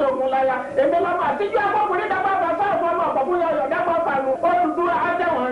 sògùn láyà èmi lọ́mọ àtijọ́ akọkùnrin dábàá bàtà ìfọ̀mọ̀ ọ̀pọ̀ fún yọ̀yọ̀ dábàá fàlù ó dúdú ajẹ́wọ̀n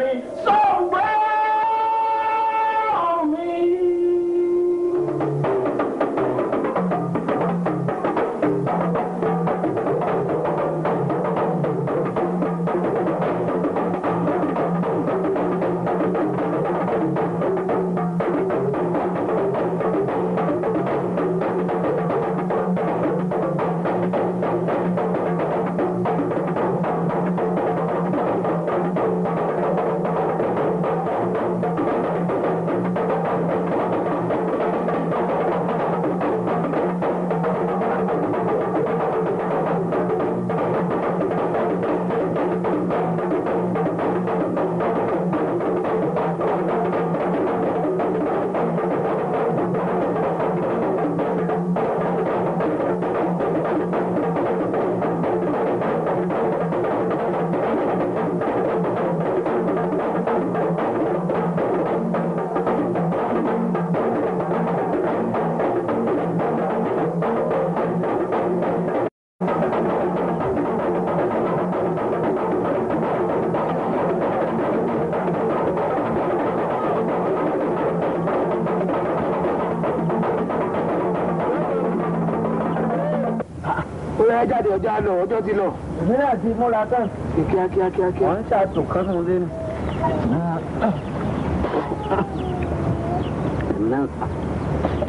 ọjà lọ ọjọ́ ti lọ. èmi náà ti múra tán. kíá kíá kíá kíá. wọ́n ń ṣàtò kánú lẹ́nu.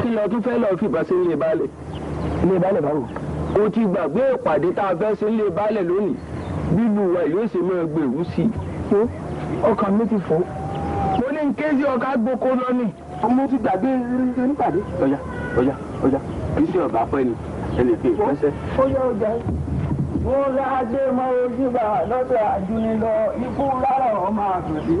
kí lọ tún fẹ́ lọ́ọ́ fìbá sí ilé balẹ̀. ilé balẹ̀ báwo. o ti gbàgbé ìpàdé tá a fẹ́ sí ilé balẹ̀ lónìí bílù wa yóò ṣe máa gbèrú sí i. ọkàn mi ti fò. mo ní n ké sí ọkà gboko lọ ni. mo ti gbàgbé nípàdé. ọjà ọjà ọjà kì í ṣe ọba pẹ́ ni ẹnì kí n fẹsẹ̀. ó yọ ọjà wọn láàdé mọ ojúbà lọ́dọ̀ àjùnilọ ikú lára ọmọ àgbèdè.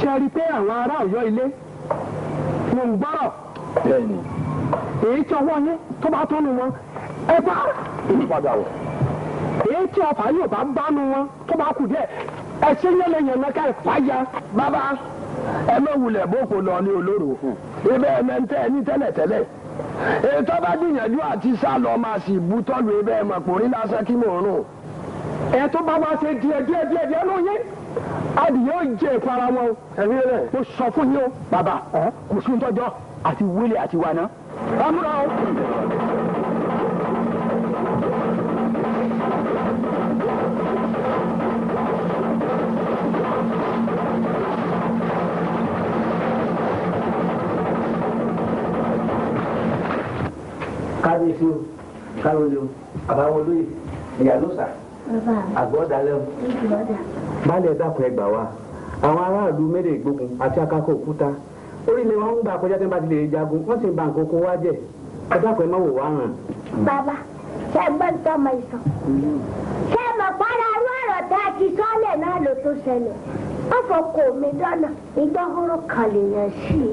ṣe rí i pé àwọn ará Ọ̀yọ́ ilé ń gbọ́rọ̀. bẹ́ẹ̀ni èyí tí ọwọ́ yín tó bá tó nu wọn ẹ bá ìpadà wọ̀ èyí tí ọfà yóò bá bá nu wọn tó bá kù díẹ̀ ẹ ṣe yẹlẹyẹlẹ ká ẹ fàyà bàbá ẹ mọ wulẹ̀ boko lọ ní olóró ibẹ̀ ẹ mẹ́ntẹ́ ẹ ní tẹ́lẹ̀tẹ́lẹ̀ ètò bá gbìyànjú àti sá lọ máa sì bú tọ́lù ibẹ̀ ẹ mọ̀ kò rí lásán kí mò ń rùn ẹ tó bá wá ṣe díẹ̀ díẹ̀ díẹ̀ díẹ̀ ló yé adìyẹ ó jẹ ìpara wọn o mo sọ fún yín o bàbá kò sí tọjọ àti wílé àti wàná. Amúra ọ̀sùn. kábíyèsí o kábíyèsí o àbáwọn olóyè ìyálóṣà àgbọ̀dálẹ̀ o. balẹ̀ dákun ẹgbàá wa àwọn aráàlú mẹ́rẹ̀ẹ́gbógun àti akáko òkúta orí ni wọ́n ń gbà kọjá tí wọ́n bá ti lè jagun wọ́n sì ń ba nǹkan oko wa jẹ́ ẹ dákun ẹ má wò wá hàn. bàbá ṣe gbọ́n tó ọmọ ìsàn ṣe mọ̀ para irú ọ̀rọ̀ tá a ti sọ́lẹ̀ náà ló tó ṣẹlẹ̀ wọ́n fọkọ mi dọ́nà ìgbọ́hóró kan lèèyàn sí i.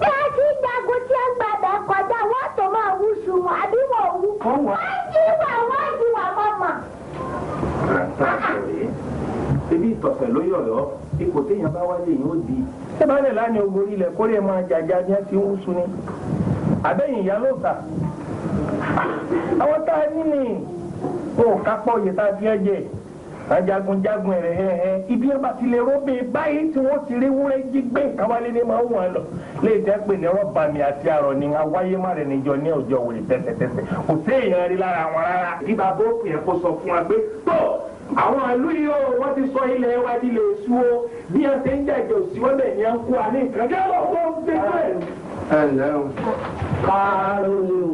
bí a ti jagun tí a ń gbà bẹ́ẹ̀ kọjá wọ́n tó máa wú sùn àbí wọ́n wú. wọ́n jí wà wọ́n jí wà mọ́mọ́ ipò téèyàn bá wálé yìí ó di tẹ́bàlẹ̀ lánàá ogorí ilẹ̀ kórè máa jàjà ní ẹ ti ń wúsu ni àbẹ́yìn ìyá ló sà àwọn tá a ní ni ó kápọ̀ òye tá a fi ẹ́ jẹ ajagunjagun ẹ̀rẹ̀ ẹ̀hẹ́ ibi ẹ̀ ti lè róbè báyìí tí wọ́n ti rí wúrẹ́ jí gbé káwálé ní máa ń wọ̀n lọ léyìí tẹ́ pé ní rọ́bà mi àti àrọ̀ ni awáyé má rẹ̀ níjọ ní ọjọ́ wòlé tẹ́tẹ́tẹ́tẹ́ kò sí èèyàn rí lára wọn rárá. ìbá bó pè é kó sọ àwọn ìlú yìí ó wọ́n ti sọ ilẹ̀ wa ti lè sú o bí ẹ ṣe ń jẹ̀jẹ̀ òsì wọ́n bẹ̀ ní ẹ ń kó àní nǹkan kí wọ́n kó ń gbé pẹ́. ẹ ǹlẹ́ o. kára ó lé o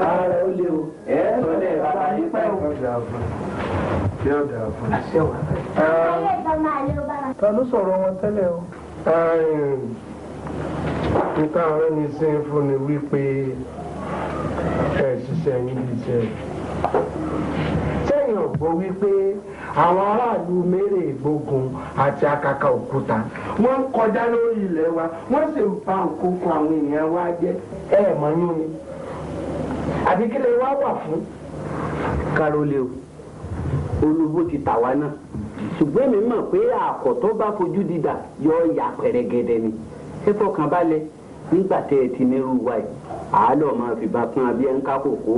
kára ó lé o ẹ ẹ sọ lẹ bàbá yín pẹ́ o. ta ló sọ̀rọ̀ wọn tẹ́lẹ̀ o. nípa àwọn ẹni sí fún ni wípé ẹ ṣiṣẹ́ yín bíi ṣe. gbàgbọ́ wípé àwọn aráàlú mèrè gbógun àti akaka òkúta wọ́n kọjá lórí ilẹ̀ wa wọ́n sì ń pa nǹkan kan àwọn ènìyàn wa jẹ́ ẹ̀ mọ́ yín ni àbí kí lè wá wà fún. karole o olówó ti tà wá náà ṣùgbọ́n èmi mọ̀ pé àkọ́tọ́ bá fojú dìdà yọ ìyá pẹ̀rẹ̀gẹ̀dẹ̀ ni ẹ fọkàn balẹ̀ nígbà tẹ́ ẹ ti nírú wa yìí àálọ̀ máa fi bá fún abíyá ń ká kòkó.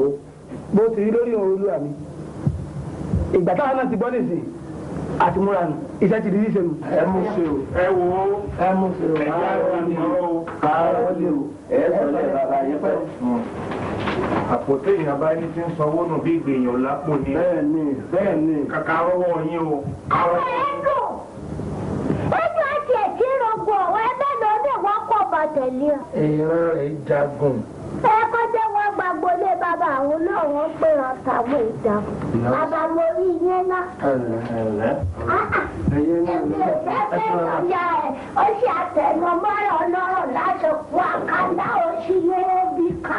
bó ti rí lórí òun olúwa mi. ìgbà táwọn náà ti gbọ́ nìsín àti múra nù iṣẹ́ ti di ṣíṣe nù. ẹ mú ṣe o ẹ wo o ẹ mú ṣe o ẹ yá ẹ ní o káàárọ̀ lè o ẹ sọlẹ̀ bàbá yẹn pẹ̀. àpótí èèyàn bá ní ti ń sanwó nù bí ìgbìyànjú lápò ni. bẹ́ẹ̀ni bẹ́ẹ̀ni. kàkà rọwọ yín o. ọ̀rọ̀ ẹ̀ dùn ó tún àti ẹ̀kí rọgbọ̀ ọ̀rọ̀ ẹgbẹ́ lọ́dẹ̀ wọ́n kọ̀ bàtẹ̀lẹ́. èrò rẹ̀ jagun. ẹ̀kọ́ àwọn náà wọ́n pè wọn tàwọn bàbá mo rí iye ah, ah. náà. èmi ò fẹ́ fẹ́ lọ́yà ẹ̀ ó ṣe àtẹnumọ́rọ̀ ọlọ́rọ̀ láti kó àkàndá oṣù yóò bí ká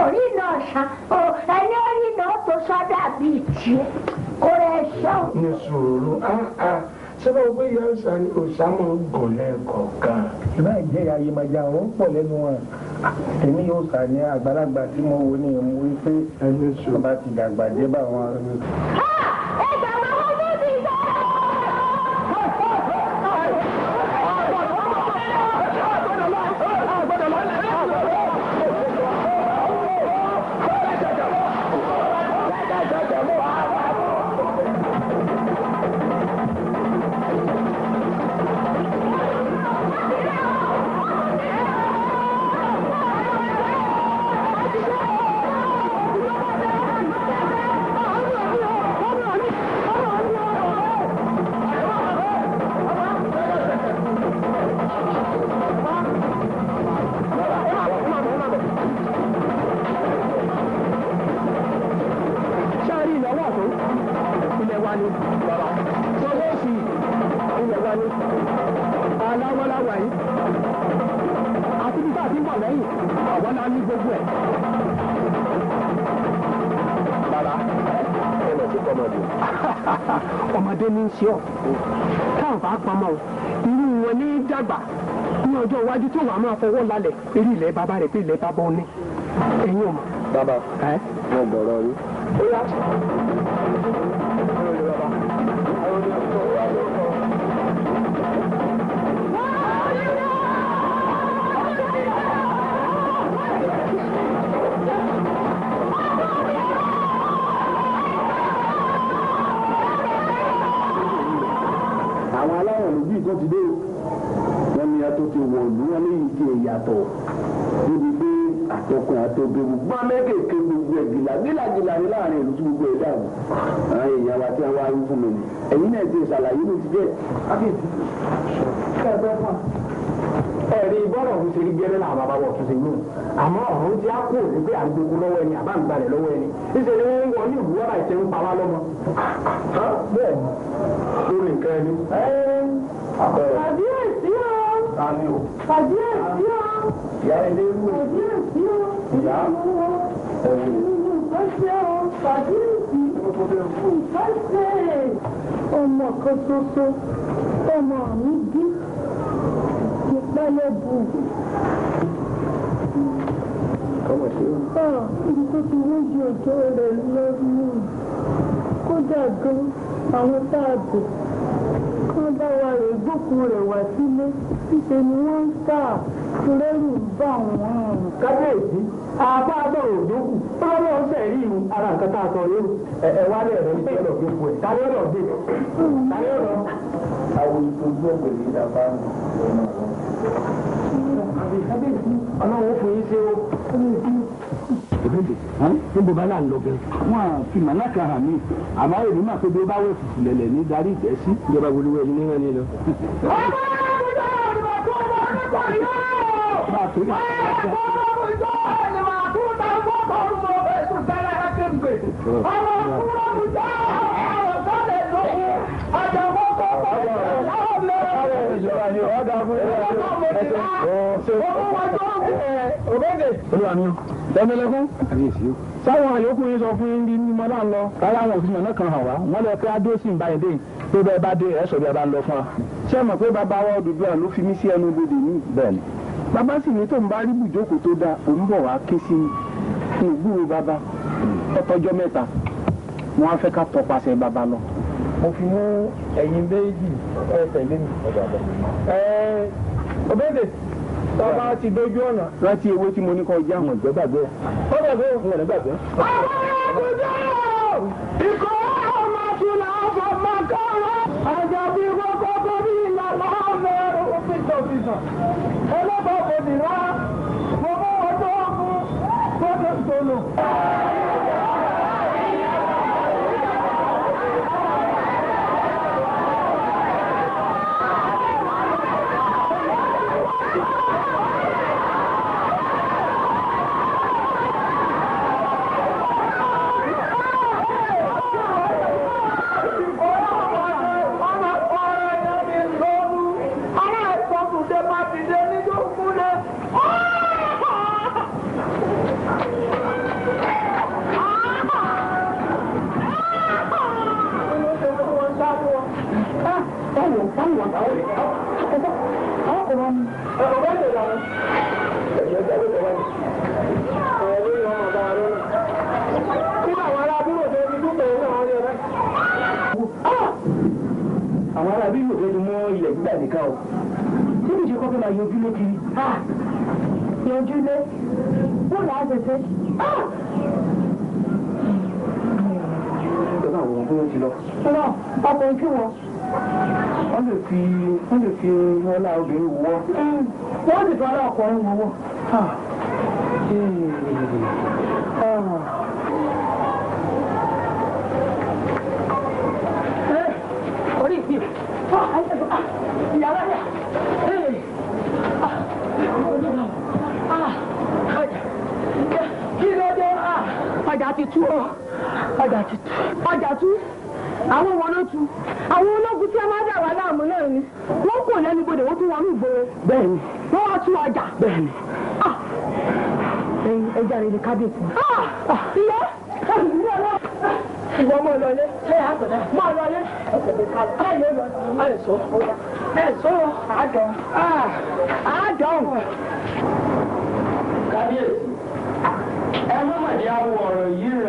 orí náà ṣá ẹni orí náà tó sọ́dà bíi tiẹ̀ kó rẹ̀ ṣọ́. ní sùúrù áá. Ah, sábà wọ́n yà sá ni òsàmù gùn lẹ́ẹ̀kọ̀ọ̀kan. ìbá ìjẹ́ ayémajá wọn pọ̀ lẹ́nu wọn èmi yóò sá ní àgbàlagbà tí mo wò ní ìmú wípé ẹni sùn bá ti dàgbà dé bá wọn. ẹ gbà wájú tí òun á máa fọwọ́ lálẹ̀ eré ilẹ̀ bàbá rẹ̀ pé ilẹ̀ bàbá ọ ní ẹ̀yin ò mọ̀. bàbá mo gbọ́rọ̀ yín. àwọn aláwọ̀ méjì tó ti dé wọn ni a tó ti wọ̀lú yàtọ̀ níbi pé àtọkùn àtọbẹ gbogbo amẹ́kèké gbogbo ẹ̀ gìlà gìlà gìlà ní láàrin ìlú tí gbogbo ẹ̀ dàrú àwọn èèyàn wa tí wọ́n wá ń fún mi ni ẹ̀yin náà ti ṣàlàyé ní ti jẹ́ ákèjì. ẹ̀rí bọ́rọ̀ ọ̀hún ṣe rí gẹ́rẹ́ làwọn bàbá wọ̀ tún ṣe yún àmọ́ ọ̀hún ti á kú òní pé à lọ́wọ́ ẹni àbá lọ́wọ́ ẹni àbí ẹ̀ Tani o. Kàbíyèsí o. Ìyá ilé wù. Kàbíyèsí o. Ìyá owó. Ẹ̀wù. Nǹkan ṣe o. Kàbíyèsí. Nǹkan ṣe. Ọmọ kan ṣoṣo. Ọmọ mi bí. Ìpẹ́lẹ̀ bù. Ọmọ ṣe o. Ọ̀ ibi tó ti wú ju òjò rẹ̀ lọ nù. Kódà gan-an, àwọn tá a dùn rẹ̀ gbókun rẹ̀ wá sílé níṣe ni wọ́n ń tà lẹ́rù bá wọn. kábíyèsí àbá àbá òdòkù ọlọ́wọ́ ọ̀sẹ̀ rí ìhun ara nǹkan tá a sọ lérò. ẹ wá lẹ̀ rẹ̀ ṣe lọ gbogbo ẹ̀ tàbí ọ̀dọ̀ dé tàbí ọ̀dọ̀. àwọn ìtòjú ọ̀gbìn ní ìdàgbà ń lọ. ọlọ́wọ́ fún yín ṣe o bèbè níbo bá náà ń lọ gẹ. wọn fi màláka hàn mí àmọ́ èrè máa pé bí ó bá wẹ̀ fùfù lẹ̀lẹ̀ ní darí ìtẹ́sí. ìjọba wọlé wẹ̀ ní wẹ́n ní lọ. ọmọ ọmọ òbédè olúwa mi ẹmẹlẹkùn sáwọn àyókù yín sọ fún yín ní mọ náà lọ rárá wọn òfin ọ̀nà kan hàn wá wọn lọ pé adó sì ń bá yín dé pé bẹ́ẹ̀ bá dé ẹ̀ sọ̀rọ̀ bá ń lọ fún wa. ṣé ẹ mọ̀ pé bàbá wa òdùdú àló fi mí sí ẹnu ibodè ní bẹ́ẹ̀ni bàbá sì ní tó ń bá rí bùjókòó tó dáa òun bọ̀ wá ké sí ìgbúrò bàbá hmm. ọtọjọ́ mẹ́ta wọn á fẹ́ ká tọpasẹ̀ bàbá lọ mo fi mú ẹ̀yin méjì ẹ tẹ̀lé mi. ọ̀bẹ́dẹ̀ tọ́ba ti dójú ọ̀nà láti ewé tí mo ní kan jẹ́ àwọn ìjọba gbé. ó dàgbé òfin ọ̀nà gbàgbé. àwọn àbújá ikọ̀ ọmọ tí làá fọ máa kọ́ ọ́. àjàbí kọ́kọ́ tó ní ìlànà ọ̀nà òfin tòfin sàn. ọlọ́pàá kò ní rárá mo mú ọjọ́ fún fọ́tò tó lò. ọmọ ojú wọn. wọ́n lè fi wọ́n lè fi ọlá obìnrin wọ́. wọ́n lè fi ọlá ọkùnrin wọ́. orí ìpín ìyàrá yà. ọjà ti tú ọjà tú àwọn wọn. tuntun àwọn ológun tí a máa dà wà láàmú náà ni wọ́n kò lẹ́nu bodè wọ́n tún wọnú ìgboro. bẹ́ẹ̀ni wọ́n wá tún ọjà. bẹ́ẹ̀ni ah! ẹyin ẹja rẹ ni kábíyèsí. Ah! Ah! ìyá ìwọ mọ lọlé mọ lọlé sọ sọ kábíyèsí ẹ àwọn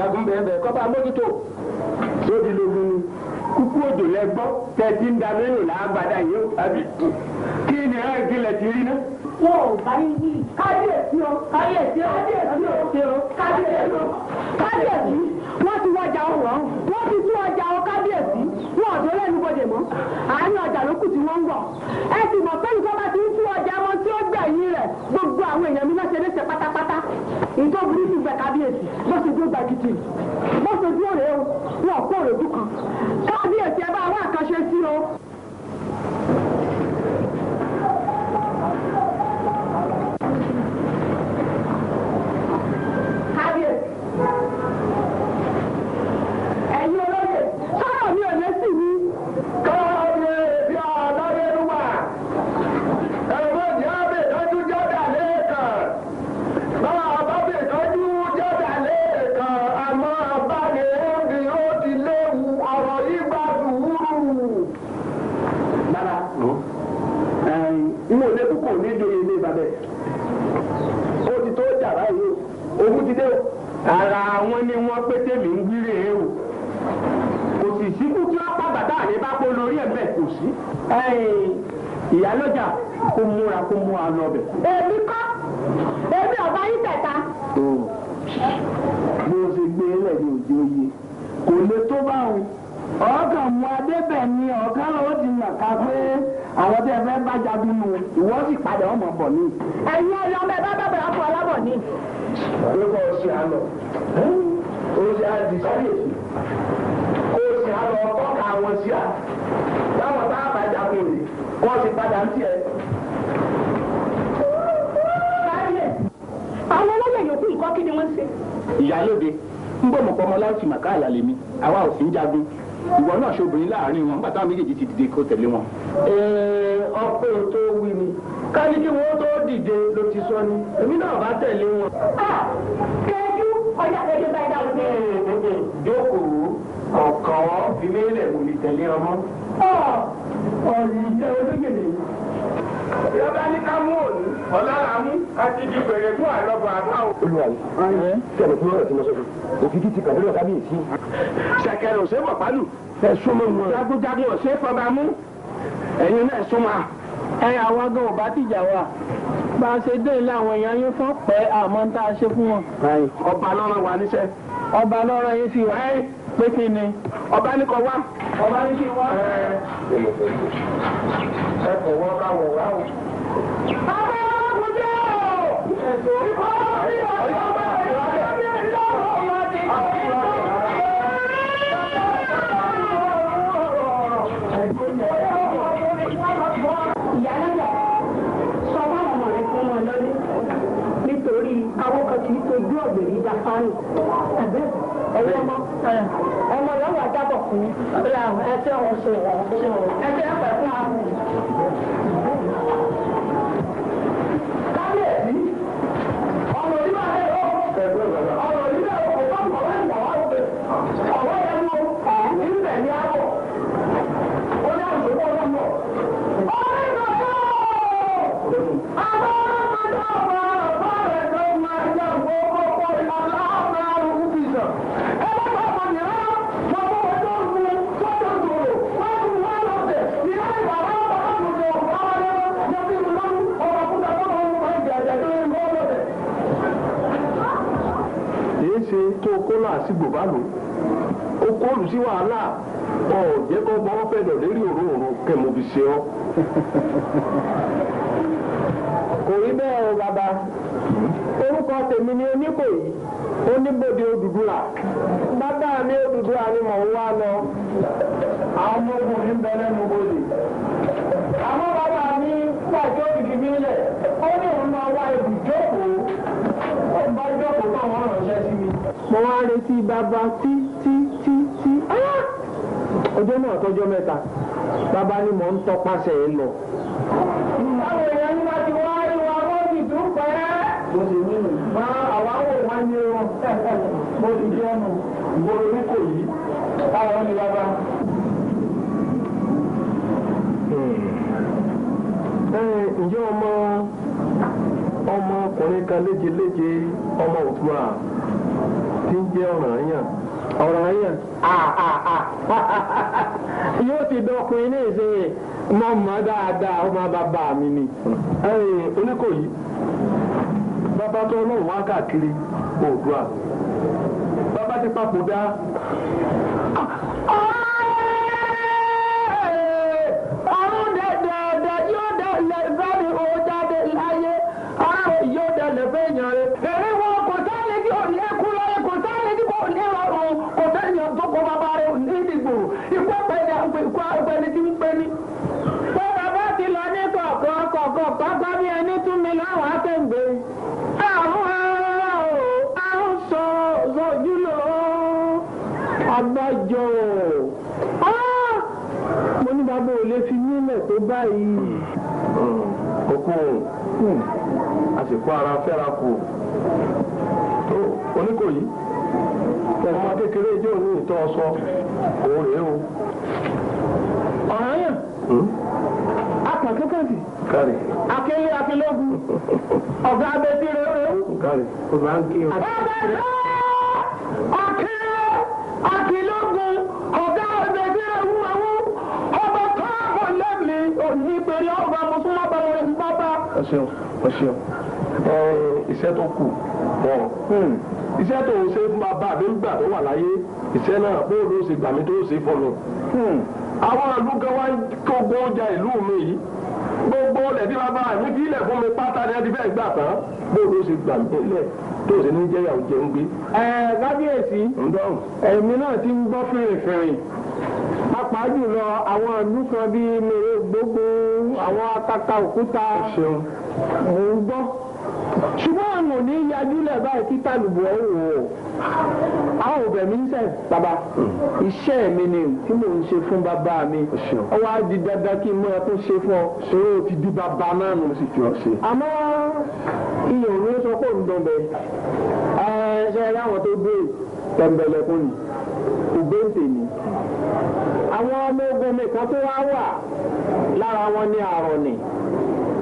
jagun bẹ́ẹ̀ kọ́ bá mójútó lóbi lógun ni kúkú òjò lẹ́gbọ́ tẹ̀sí ń da mẹ́rin làágbádá yìí ó àbí kí ni ẹ̀ gbilẹ̀ ti rí náà. wọn ò bá yín yí kábíyèsí o kábíyèsí o kábíyèsí o kábíyèsí o kábíyèsí wọ́n ti wájà ọ̀rọ̀ wọ́n ti tún ọjà wọn ò dé lẹ́nu bọ́dẹ̀ mọ́ àárín ọjà ló kù tí wọ́n ń wọ̀ ẹ sì mọ̀ pé nǹkan bá ti ń tú ọjà wọn tí ó gbẹ̀yìn rẹ̀ gbogbo àwọn èèyàn mi lọ́sẹ̀ lẹ́sẹ̀ pátápátá ìjọ burúkú gbẹ kábíyèsí bó ṣe dúró gbàgìdì bó ṣe dúró rèé o wọn kó òrèdú kan kábíyèsí ẹ bá wá àkànṣe sí o. ara wọn ni wọn pé tèmi ń wíre e o kò sì síkú tí wọn pàgbà tá àlè bá pọ lórí ẹ bẹ́ẹ̀ kò sí. ìyálọ́jà kó múra kó mú a lọ bẹ̀. èmi kọ́ èmi ọba yín tẹ̀ta. bí o ṣe gbé e lẹ̀ ní òjò yìí kò lè tó báwọn ọkàn mu adébẹ̀ ni ọ̀kan lọ́wọ́ ti yàn ká pé àwọn tẹ́ fẹ́ bá jagun nù ìwọ sì padà ọmọ bọ̀ ni. ẹ̀yin ọ̀yọ́ bẹ́ẹ̀ pé kó o ṣe àlọ́ o ṣe àdì sáyèsì kó o ṣe àlọ́ tọ́ka àwọn sí à táwọn bá bàjá kò rí kó o sì padà ń tiẹ̀. àwọn ọlọ́yẹ̀ yòókù ìkọ́ kí ni wọ́n ṣe. ìyálóde ń bọ̀ mọ̀pọ̀ ọmọ láti màkà àlàlẹ́ mi àwa ò sí ń jagun ìwọ náà ṣe obìnrin láàrin wọn nígbà táwọn méjèèjì ti dìde kó tẹ̀lé wọn. ọpẹ́ tó wí mi káyí kí wọ́n tó dìde ló ti sọ ni èmi náà bá tẹ̀lé wọn. Ah, kẹjú ọjà kẹjú bá ẹ̀dá òde. jókòó kọ̀ọ̀kan fi lélẹ̀ kò lè tẹ̀lé ọmọ. Ah, ọ̀rọ̀ ìjẹ́ olóyèlè. Yọba ní ká mú òní, ọ̀lára mú, a ti di bẹ̀rẹ̀ fún àlọ́bọ̀ àbáwò. Olúwarí, tí ẹ̀rọ fún ọ̀rọ̀ tí mo sọ fún, òkìkí ti kàdúrà ọ̀ká bí èsì. Ṣẹ̀kẹ̀rẹ̀ ò ṣe é mọ̀ pálù. Ẹ̀sùn mọ̀ wọn. Jagunjagun ò ṣe é fọba mú. Ẹ̀yin náà a ẹ àwa gan ò bá tìjà wa bá a ṣe dé ilé èèyàn yín fún pẹ́ àmọ́ tá a ṣe fún wọn. ọba lọ́rọ̀ wà níṣẹ́. ọba lọ́rọ̀ yín fi wá pé kí ni. ọba ní kọ wá. ọba ní kí wá. ẹ kò wọ́n bá wá o. bàbá ọlọ́run jẹ́ o. ẹ̀sùn ìfọwọ́sí o. kan nù ẹ̀yẹ ọmọ ọmọ yóò wá jábọ̀ fún yín ẹ̀ṣẹ̀ ọ̀ṣẹ̀ ẹ̀ṣẹ̀ ẹ̀pẹ̀ fún àwọn. sígbò bá lò ó kóòlù sí wàhálà ọ̀ jẹ́ kó bọ́ fẹ̀dọ̀ lérí òróòrò kẹmọ fi ṣe ọ́. kò rí bẹ́ẹ̀ o bàbá orúkọ tèmi ni oníkòyí oníbòde Odùduwà bàbá mi Odùduwà ni mò ń wá lọ. àwọn ọmọ ogun ń bẹ lẹ́nu bòde. àmọ́ bàbá mi pàjọ́ mo wá retí bàbá tí tí tí tí ọjọ́ náà tọ́jọ́ mẹ́ta bàbá ni mò ń tọpasẹ̀ ẹ lọ. báwo èèyàn ní ti wá ìwà bọ́ọ̀dì tó pẹ́. mo sì ní ma àwa wò wá ní irun mo sì jẹ́ ọ̀nà ìgboro ní kò yí hmm. eh, ǹjẹ́ ọmọ ọmọkùnrin kan léjeléje ọmọ tí ń jẹ́ ọ̀ràn yàn. ọ̀ràn yàn yóò ti dọkùnrin ní ìsinyìí mọ mọ dáadáa ọmọ bàbá mi ni. oníkòyí bàbá tó ọlọ́run wá káàkiri oòdùà bàbá ti papòdà báyìí. kókó àsìkò ara fẹ́ra kù tó Oníkòyí ọmọ kékeré jẹ́ òun ìtọ́ ọsọ òun rèé o. ọ̀ràn yàn hmm? akàkékèké kárì akéwì akéwìlógún ọ̀gá abẹ́tí rẹ̀ rẹ̀ o. kárì o máa ń kí o. ọ̀gá rẹ̀ akéwì akéwìlógún ọ̀gá abẹ́tí rẹ̀ wù ní pèrè ọba mo tún lọ́ba mo rẹ̀ pápá. ẹ ṣeun ẹ ṣeun ẹ iṣẹ́ tó kù pọ̀ hmm. iṣẹ́ tó ń ṣe fún bàbá àbí gbà tó wà láyé iṣẹ́ náà bó ló ṣe gbà mí tó ṣe fọlọ. Hmm. àwọn ìlú kan wá kógbó ọjà ìlú mi yìí gbogbo ilẹ̀ tí bàbá mi fi ilẹ̀ fún mi pátá ni ẹ ti fẹ́ gbà tán bó ló ṣe gbà mí lẹ̀ tó ṣe ní jẹ́yàwó jẹun gbé. ẹ kábíyèsí èmi náà ti ń gbọ́ fèrèfèrè pàápàá jùlọ àwọn ìlú kan bíi mèrè gbogbo àwọn akaka òkúta mò ń gbọ́ ṣùgbọ́n àwọn ò ní yajúlẹ̀ báyìí títà lùbọ̀ ó wò ó àwọn òbẹ̀ mi ń sẹ̀ bàbá hmm. iṣẹ́ mi ni tí mò ń ṣe fún bàbá mi ó wá di dandan kí n mọ́ ẹ tó ṣe fún ọ ṣòro ti di bàbá náà nù sì fi ọ ṣe. àmọ́ iyọ̀ ló sọ pé òun dán bẹ ẹ ṣe ẹ láwọn tó dé tẹ̀m̀bẹ̀lẹ̀kùn ni ògbéǹtè ni. àwọn ọmọ ogun mi kan tó wá wà lára wọn ní àrọ̀nì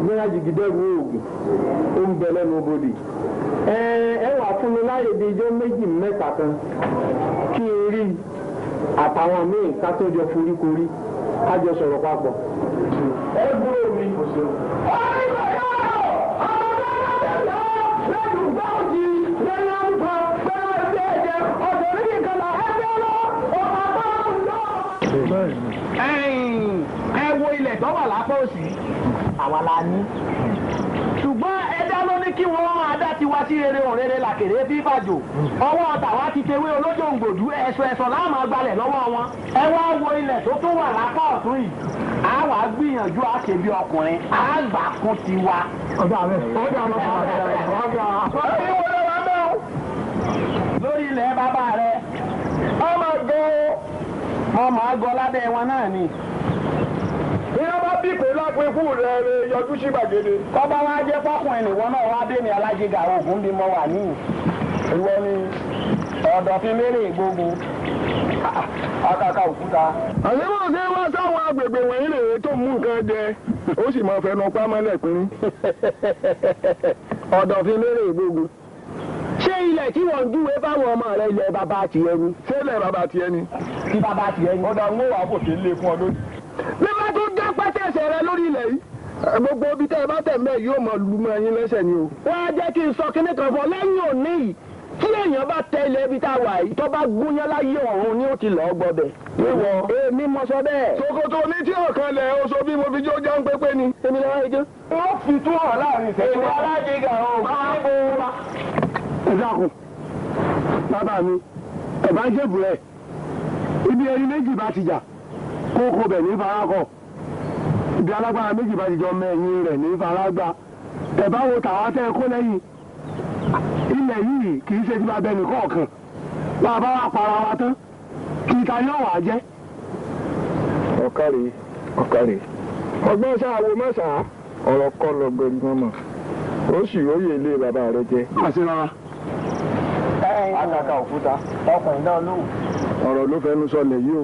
gbéradì gidẹ́rù oògùn ó ń bẹ lẹ́nu bodè ẹ wà fún mi láyè di ijó méjì mẹ́ta kan kí n rí àtàwọn míì ká tó jọ foríkorí ká jọ sọ̀rọ̀ papọ̀. ẹ gbúrò mi. ẹ wo ilẹ̀ tó wà lápá òsì àwa la ní ṣùgbọ́n ẹ̀dá ló ní kí wọ́n máa dá tiwa sí rere òrere làkèrè bí bàjò ọwọ́ tàwa ti tewé olójó ngbòdú ẹ̀sọ̀ ẹ̀sọ̀ láàmú agbalẹ̀ lọ́wọ́ wọn ẹ wá wo ilẹ̀ tó tún wà lápá ọ̀tún yìí a wàá gbìyànjú àṣebí ọkùnrin a gbà kún tiwa. ọ̀dà rẹ̀ ọ̀dà rẹ̀ ọ̀dà rẹ̀. ọmọ àgọ́ lábẹ́ wọn náà ni. ìyá bá bí pé lápò rẹ̀ rẹ rẹ yọjú sí gbàgede. kọ́bá wa jẹ́ fọ́kùnrin nìwọ́n náà wá dé ní alájigà oògùn bí mo wà ìwọ ni ọ̀dọ̀ fi gbogbo akaka òkúta. àyẹ̀wò ṣe wá sáwọn agbègbè wọ̀nyí rèé tó mú nǹkan jẹ ó sì ilẹ̀ tí wọ́n ń dúwe fáwọn ọmọ rẹ ilẹ̀ bàbá tiẹ̀ ni. ṣé ilẹ̀ bàbá tiẹ̀ ni. ti bàbá tiẹ̀ ni. ọ̀dà ń wò wá fòkè lé fún ọ lónìí. bí wọ́n tún dá pẹ́tẹ́sẹ̀ rẹ lórí ilẹ̀ yìí gbogbo ibi tẹ́ ẹ bá tẹ̀ mẹ́ yóò mọ lu mọ ẹyin lẹ́sẹ̀ ni o. wọ́n á jẹ́ kí n sọ kinní kan fọ lẹ́yìn òní yìí tí èèyàn bá tẹ ilé ibi tá a wà yìí tó bá gúnyán ó fi jó hàn láàrin ìṣẹ́jú. èmi alájẹgà o. máa ń bọ̀ wá ẹ dákun bàbá mi ẹ̀bá ń jẹ̀bù rẹ̀ ibi ẹni méjì bá ti jà kókó bẹ̀ ní farakọ̀ ibi alágbára méjì bá ti jọ mẹ́yìn rẹ̀ ní faragbá ẹ̀bá wo tàwa tẹ́ ẹ kó lẹ́yìn ilẹ̀ yìí kì í ṣe ti máa bẹ nìkọ̀ọ̀kan bàbá wa para wa tán kì í ta yóò wá jẹ́. ọ̀kàrí ọ̀kàrí ọgbọ́n ṣáàwó mọ́sàá ọ̀rọ̀ kọ́ lọ gbẹ̀rù mọ́mọ́ ó sì róye ilé bàbá rẹ jẹ́. àṣírà àkàkà òkúta. ọkùnrin náà ló. ọ̀rọ̀ ló fẹnu sọlẹ̀ o.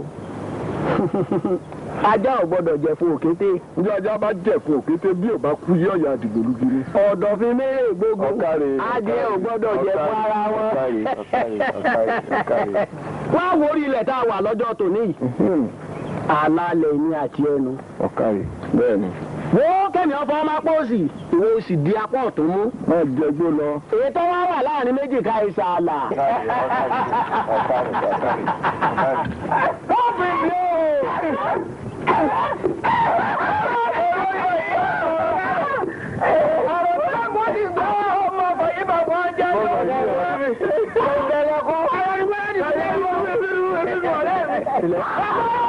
ajá ò gbọ́dọ̀ jẹ fún òkété. ní ajá bá jẹ fún òkété bí ò bá kú yí ọ̀yà àdìgbòlugiri. ọ̀dọ̀ fi gbogbo ò jẹ fún ara wọn. wọ́n á tá wà lọ́jọ́ tòní yìí. Hmm. ni wọ́n kẹ́mi ọ̀fọ̀ ọmọ apóòsì ìwé oṣù di apá ọ̀tún mú. ọjọ́ gbó lọ. èyí tó wá wà láàrin méjì ká ìsàlà. kọ́ọ̀fì ni o. Hello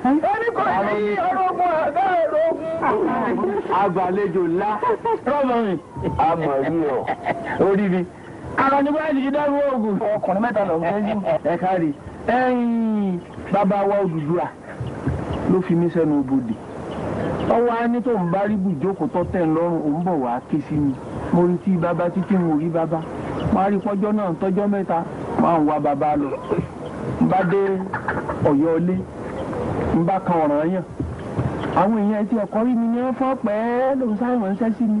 ẹni kò ní ọlọ́gbọ́n àgbà ìrógún. agbàlejò ńlá rọ́bọ̀rin amọ̀rí ọ̀ orí mi. ara ni wọ́n ti dẹ́rù oògùn. ọkùnrin mẹ́ta lọ fẹ́ yín. ẹ kárí ẹ̀yìn bàbá wa Odùduwà ló fi mí sẹ́nu ibodè ọwọ́ á ní tó ń bá rí bùjókòó tọ́tẹ̀ ńlọ́rùn òun bọ̀ wá ké sí mi mo rí tí bàbá títí mo rí bàbá máa rí pọ́jọ́ náà tọ́jọ́ mẹ́ta máa ń wá bàbá lọ bá dé Ọ̀yọ́ ilé ń bá kan ọ̀ràn yàn àwọn èèyàn ti ẹ̀kọ́ rí mi ni wọ́n fọ́ pẹ́ lòun sáré ránṣẹ́ sí mi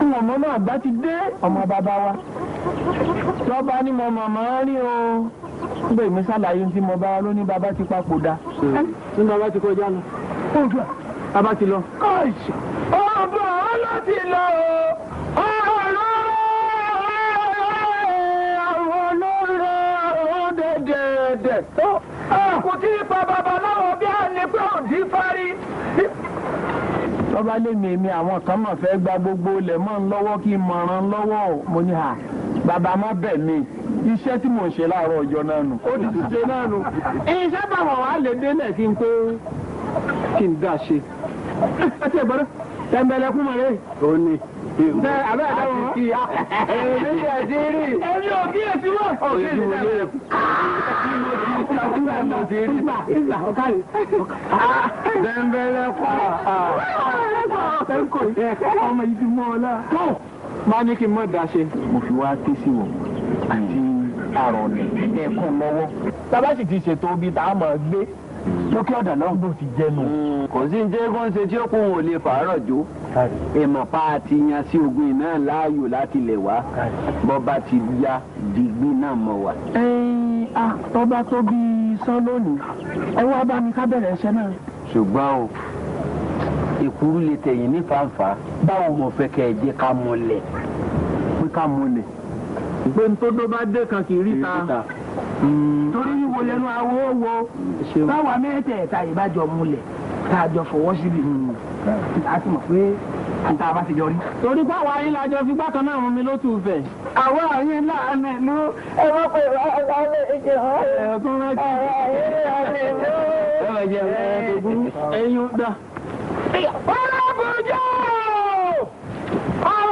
n ò mọ́ náà bá ti dé ọmọ bàbá wa lọ́ba ni mo mọ̀ mọ́ rí o nígbà èmi ṣàlàyé tí mo bá wa lóní bàbá ti papòdà. ní bàbá ti kọjá lọ. bàbá ti lọ. ọ̀dọ̀ ọlọ́tí lọ tiẹ̀. tó kò tí ì pa babaláwo bí a ní pé òdì parí. tọ́ba lé mi mi àwọn kan máa fẹ́ gba gbogbo ilẹ̀ mọ́ ń lọ́wọ́ kí n mọ̀ràn lọ́wọ́ mo ní à bàbá má bẹ̀ mi iṣẹ́ tí mò ń ṣe láàárọ̀ ọjọ́ náà nù. ó ti ti ṣe náà nù. iṣẹ́ bàbá wa lè délẹ̀ kí n tó kí n dá ṣe. ẹ ti ẹ̀ bọ́dọ̀ tẹ̀m̀bẹ̀lẹ̀kùn mọ̀ rẹ̀. ó ṣe abẹ́ ẹ̀dá wọn kí a èmi yẹ ti rí. èmi ò kí èsì wọ̀. òkè ìlú ilé rẹ̀ kúkúrú ti rí. ìgbà ọ̀kàrí. dẹ́ńbẹ́lẹ́ kọ́. ọmọ yìí ti mọ́ ọ la. máa ní kí n mọ̀ dáṣe. mo fi wá ké sí wọn àti àrọ̀ ní ẹ̀kọ́ lọ́wọ́. tábà sì ti ṣètò ibi tá a máa gbé lókè ọ̀dà lọ́hùn. bó ti jẹnu. Hmm. kò sí ní jẹ́gùn ṣe tí ó kún òun ò lè fàárọ̀ jó. ìmọ̀ pa àti yan sí ogun iná láàyò láti lè wá. bọ́ba ti ya dìgbì náà mọ̀ wá. ọba tó bí sán lónìí ẹ wá bá mi ká bẹ̀rẹ̀ iṣẹ́ náà. ṣùgbọ́n o ìkúrú lè tẹ̀yìn ní fàǹfà báwo mo fẹ́ kẹ́ ẹ jẹ́ ká mọlẹ̀ pé ká mọlẹ̀ pé n tó dó bá dé kan kì í rí ta hmm. torí wíwo lẹ́nu awo wo báwa mẹ́tẹ̀ẹ̀ta ìbájọ múlẹ̀ tá a jọ fọwọ́ síbi hmm. a ti mọ̀ pé àtà bá ti jọ rí. torí pé àwa yín la jọ fi gbákan náà mú mi ló tún fẹ̀. àwa yín láàánú ìlú ẹ wọ́n pè wá ọ̀gá ilé ìjọ ọ̀tún rántí. ọ̀rọ̀ ilé ọ̀rẹ́ ìlú. ẹ̀rọ jẹ́ ẹ̀rọ tó ẹ̀yún dá. ọ̀rọ̀ bùjọ́ ọ̀rọ̀.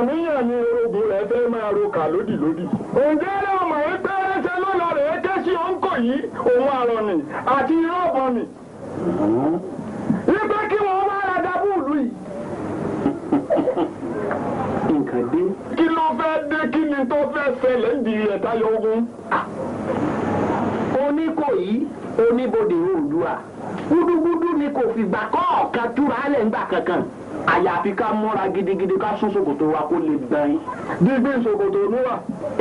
àníyàn ni orogún rẹ̀ fẹ́ máa ro kà lódì lódì. ǹjẹ́ ló mọ̀ wípé ẹsẹ̀ ló lọ rẹ̀ jẹ́ sí òǹkọ̀ yìí òun àrọ̀nì àti irọ́ ọ̀bọ̀n mi. wípé kí wọ́n wá ra dábù ìlú yìí. nǹkan dé. kí ló fẹ́ dé kí ni tó fẹ́ ṣẹlẹ̀ ń di ẹ̀ta yọ ogun. oníkòyí oníbodè oòdùà gúdúgúdú ni kò fìgbà kọ́ ọ̀kan túra lẹ́ńgbà kankan àyàfi ká múra gidigidi ká sún ṣòkòtò wa kó lè gbẹ̀yìn. gbígbé ṣòkòtò ló wà.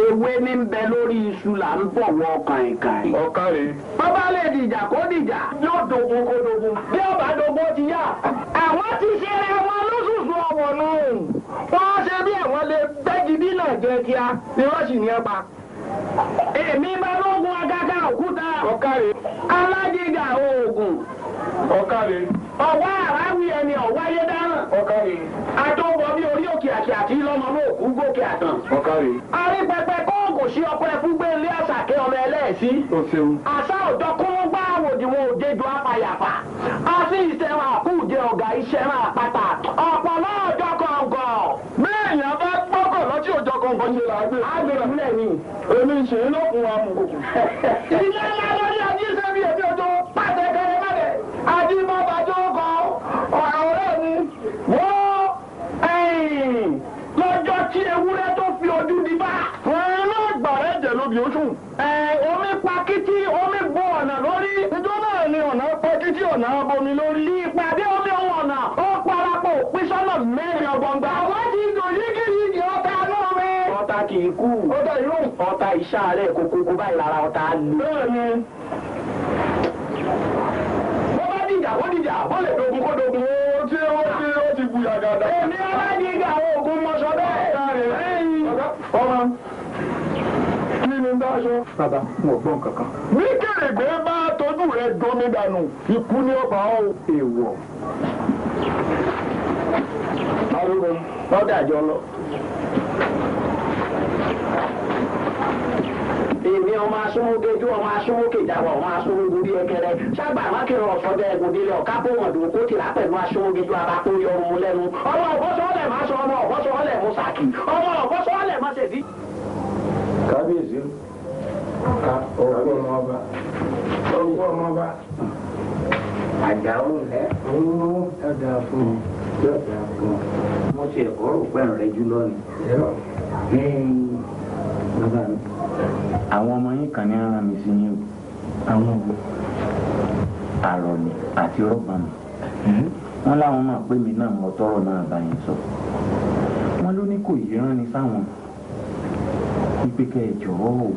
ewé ní ń bẹ lórí iṣu là ń bọ̀ wọ kàìnkàìn. ọ̀kàrẹ̀. bàbá lè dìjà kó dìjà. yóò dogun kó dogun. bí ọba dogun ti yá. àwọn ti ṣe ẹwọn lóṣooṣù ọwọ́ náà wọ́n ṣe bí àwọn lè bẹ́gi bí náà jẹ kíá ni wọ́n sì ní ẹ pa. èmi bá lóògùn agágá òkúta. ọ̀kàrẹ̀. alájẹgà oògùn ọ̀kàlẹ̀. ọ̀wá àráwí ẹni ọ̀wáyé dáràn. ọ̀kàlẹ̀. àtọ̀wọ̀ bí orí òkè àti àti lọ́mọ ló kú gòkè àtàn. ọ̀kàlẹ̀. arí pẹpẹ kóògùn sí ọpẹ fúgbé ilé àṣàkẹ́ ọmọ ẹlẹ́ẹ̀sí. o ṣeun. àṣà òjọ kúrú gbá àwòdìwọ̀n òjejò apàyàpà. a sì ìṣẹ̀rọ àkúùjẹ ọ̀gá ìṣẹ̀rọ àpáta. ọ̀pọ̀lọ́ ọjọ́ kọ̀ọ̀gọ̀. bẹ́ẹ̀ yẹn bá gbọ́kọ̀ lọ́tí òjọ kọ̀ọ̀gọ̀ ṣe làágbé. àgbèrè nílẹ̀ ni. èmi ń ṣe é lókun amukùkù. ìyá ńlá lórí ọjọ́ ìṣẹ́ tí ewúrẹ́ tó fi ojú di bá. òun náà gbàrẹ́ jẹ̀ lóbi oṣù. ẹ omi pa omi bo ọ̀nà lórí. ìjọ náà ni ọ̀nà pa kítí ọ̀nà abomi lórí. ìpàdé omi ohun ọ̀nà ó parapọ̀ òpin sọ́nà mẹ́rin ọgbọ̀ngbà. àwọn ti dùn yíkìyíkì ọ̀tá náà mi. ọ̀tá kì í kú. ọ̀tá irú. ọ̀tá ìṣàárẹ̀ kókókó báyìí lára ọ̀tá ni. bẹ́ẹ̀ni dìjà wọ́n dìjà wọ́n lè dogun kó dogun. ó ti ó ti ó ti gbùyàgàdà. èmi alájí ọmọ kí ni bá ṣe. bàbá mo gbọ́ nǹkan kan. ní kèrègbè bá tọ́jú rẹ domi dànù ikú ní ọ̀pá o. èèwọ̀. arúgbó lọ́dà jọ lọ èmi ọmọ asúnwókè ju ọmọ asúnwókè jàbọ̀ ọmọ asúnwógorí ẹkẹrẹ sábà mákèrè ọ̀sọ́dẹ ẹ̀gùndínlẹ̀ ọ̀ká bó wọn dùn kó tìlá pẹ̀lú asúnwókè ju abakó yọrùn lẹ́nu ọmọ ọ̀gọ́sọ̀ọ́lẹ̀ má sọ ọmọ ọ̀gọ́sọ̀ọ́lẹ̀ mú sàkì ọmọ ọ̀gọ́sọ̀ọ́lẹ̀ má ṣèdí. kábíyèsí ọkọ ọmọọba ọkọ ọmọọba àjàó rẹ ọwọ́ ẹ̀dá fún un ẹ̀dá fún un mo ṣe ẹ̀kọ́ àwọn ọmọ yín kan ní ara mi sí yín o. àwọn òwe. àròlé àti rọ́bà mi. Hmm? wọ́n láwọn máa pè mí náà mọ tọrọ náà bá yín sọ. wọ́n ló ní kò yí ránni sáwọn. ipe kẹ ẹ jọ̀wọ́ o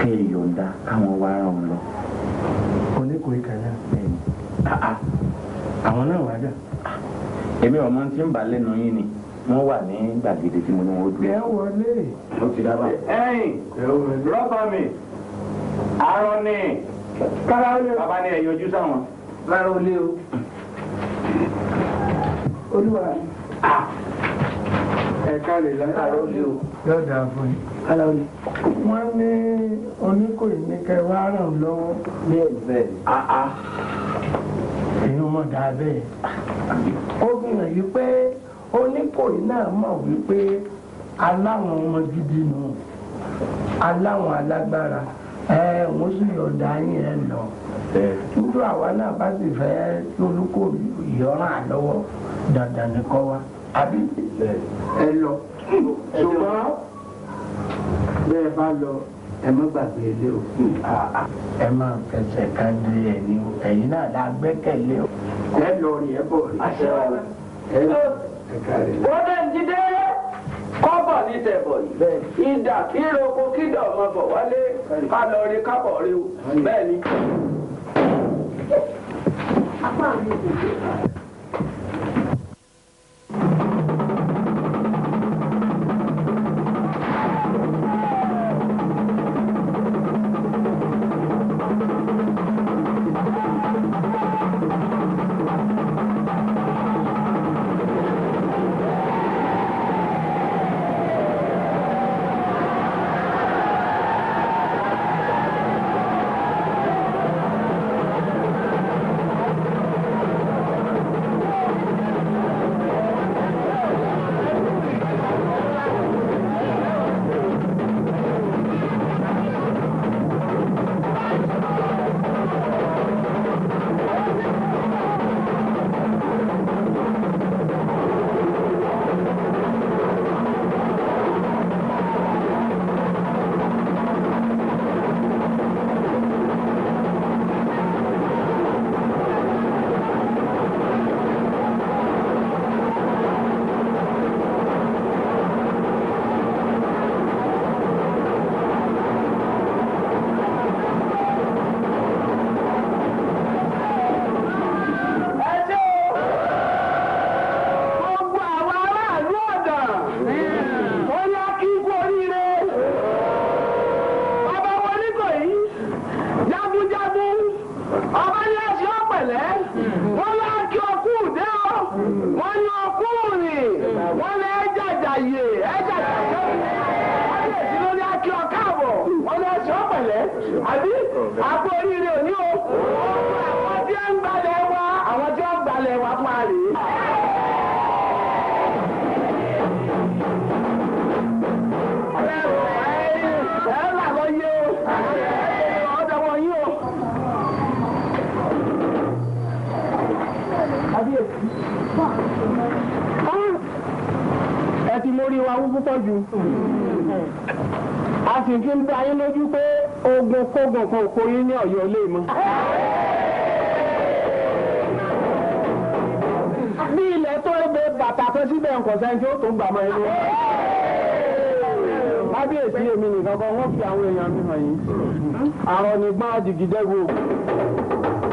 kẹ ẹ yọ̀ǹda káwọn wá ràn lọ. ní oníkòó ìkànnì. bẹ́ẹ̀ni. Ah, ah. àwọn náà wájà. èmi ọmọ tí ń bà lẹ́nu yín ni. wọ́n wà ní gbàgede tí mo ní wọn ó dúró. ẹ wọlé. ó ti dábà. ẹyin rọ́bà mi àárọ̀ ni bàbá ni ẹ̀yìn ojú sáwọn. rárá o lé o. olúwa ẹ̀ka lè lọ rárá o lé o. lọ́dà fún yín. rárá o lé. wọ́n ní oníkòyí ní kẹ́ wá ràn lọ́wọ́. bẹ́ẹ̀ bẹ́ẹ̀. èèyàn mọ̀ dáa bẹ́ẹ̀. ó gbìyànjú pé oníkòyí náà mọ̀ wípé aláwọn ọmọ gidi nù aláwọn alágbára ẹ wọ́n sì yọ̀ǹda yín ẹ lọ nítorí àwa náà bá sì fẹ́ lórúkọ ìyọ́ràn àlọ́wọ́ dandan nìkan wa àbí ẹ lọ ṣùgbọ́n bẹ́ẹ̀ bá lọ ẹ má gbàgbé ilé o. ẹ máa fẹsẹ̀ kan di ẹ̀yìn náà la gbẹ́kẹ̀lé o. ẹ lọ rí ẹ bọ̀ rí. ó dé jíde kọ́bọ̀ ní tẹ̀bọ̀lì ìdà kí roko lọ rí kábọ̀ o bẹ́ẹ̀ pọ̀ a sì fi ń bá yín lójú pé ogun kógun kan kò yín ní ọ̀yọ́ ilé mọ́. bí ilẹ̀ tó ebe bàtà kan síbẹ̀ nǹkan sẹ́yìn tí ó tó ń gbà mọ́ ẹni. kábíyèsí èmi nìkan kan wọ́n fi àwọn èèyàn mi hàn yín. àrọ̀ nìgbọ́n àjìgídẹ́gbò.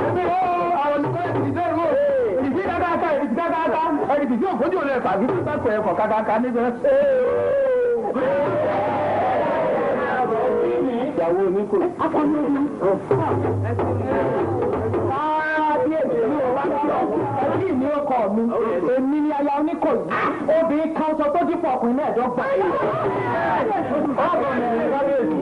ẹbí ó àrọ̀ tí yóò fojú olè fàgídí bá pẹ̀lú ẹ̀kọ́ kákáká nígbà. ìyàwó oníkò. Sáárá bí èmi ní o wá sí ọ̀hún, ẹbí ní o kọ̀ mi, èmi ni aya oníkò yìí, obìnrin kan sọ tó dípò ọkùnrin mẹ́ẹ̀ẹ́dọ́gba. Ọ̀bọ̀n mi ni wọ́n lè rí.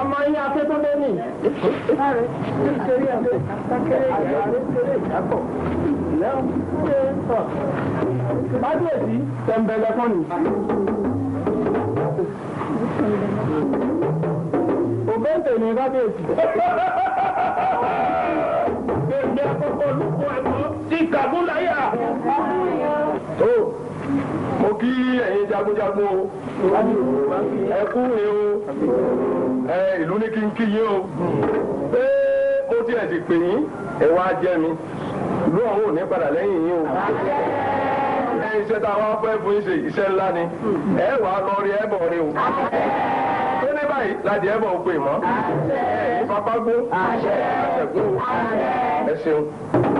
ọmọ yín akétúndé nì. májèjì tẹ̀m̀bẹ̀lẹ̀ fún mi. òbẹ́ǹtẹ̀ ní kábíyèsí. gbẹ̀gbẹ̀ àkọ́kọ́ ló kọ́ ẹ̀kọ́ sí kàbúláyà mo kí ẹ̀yin jagunjagun o ẹ kú o ẹ ìlú ní kí n kí yé o pé mo tiẹ̀ sì pè yín ẹ jẹ́ mi ìlú ọ̀hún ò ní padà lẹ́yìn yín o iṣẹ́ tá a wá fẹ́ fún iṣẹ́ iṣẹ́ ńlá ni ẹ wà á lọ rí ẹ rí o tó ní báyìí láti ẹ pè mọ́ ẹ pápá gbó àṣẹ gbó ẹ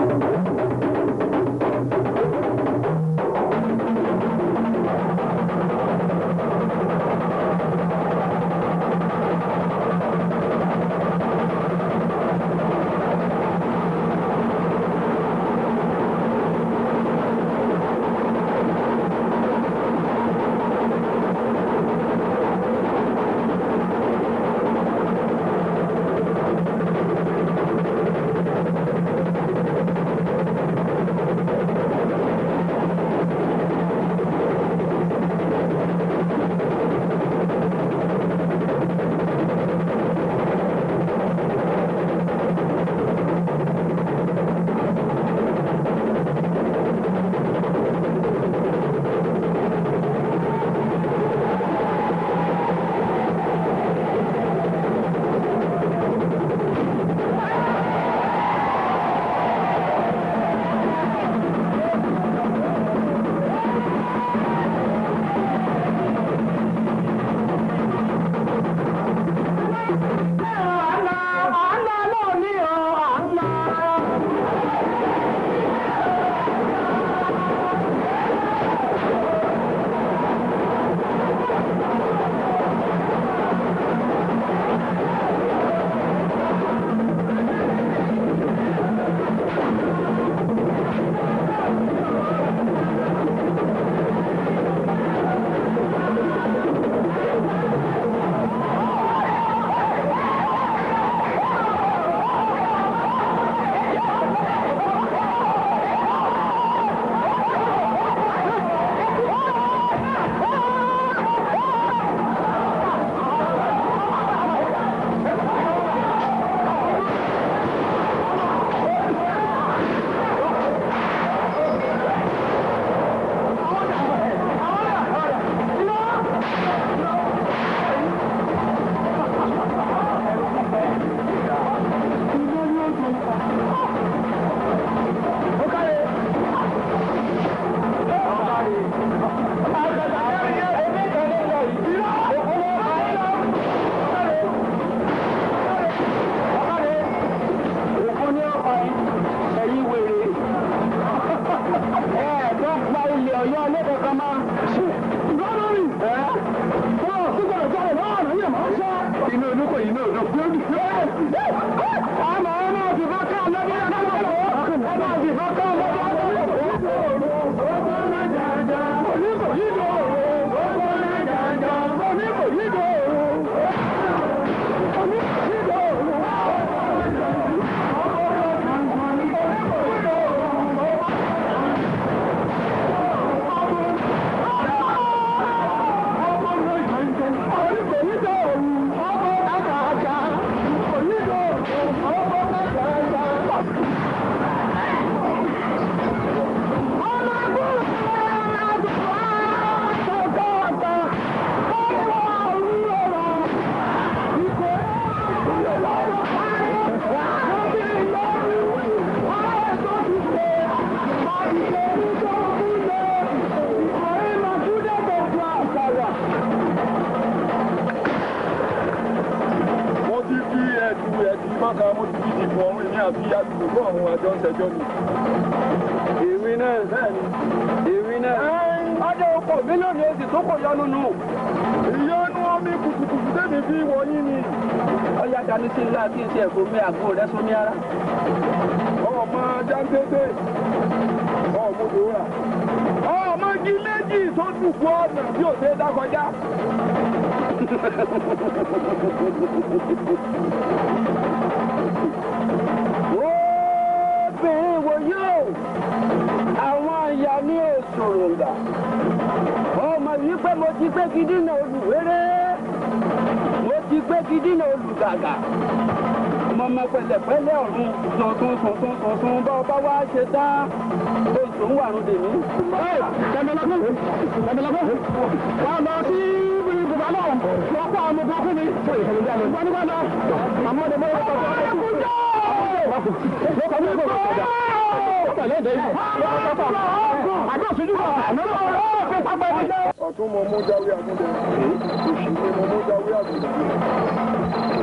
lẹ́sùn ní ara. ọmọ jáńtẹ́tẹ́ ọmọ òwúrà ọmọ igi méjì tó dùkú ọ̀nà tí ò ṣe é dákọjá. obìnrin wo yóò àwọn àyà ní òṣòròǹgà ọmọ yìí pé mo ti pé kí dínà olùwéré mo ti pé kí dínà olùgàgà ọmọ pẹ̀lẹ́pẹ̀lẹ́ ọ̀run sọ̀tún sọ̀tún sọ̀tún bá ọba wá ṣe dá oṣù ń wàrún dèmí. dandalagun dandalagun wà lọ sí ibùba náà wọ́n kọ́ àwọn ọmọ fún mi wọ́n ní wọ́n lọ àmọ́ ọdẹ bọ́ọ̀ ọ̀tọ̀ ọ̀tọ̀ ọ̀tọ̀ ọ̀tọ̀ ọ̀tọ̀ àtún mọ mú jáwé àgùdẹ òṣì ni mo mú jáwé àgùdẹ.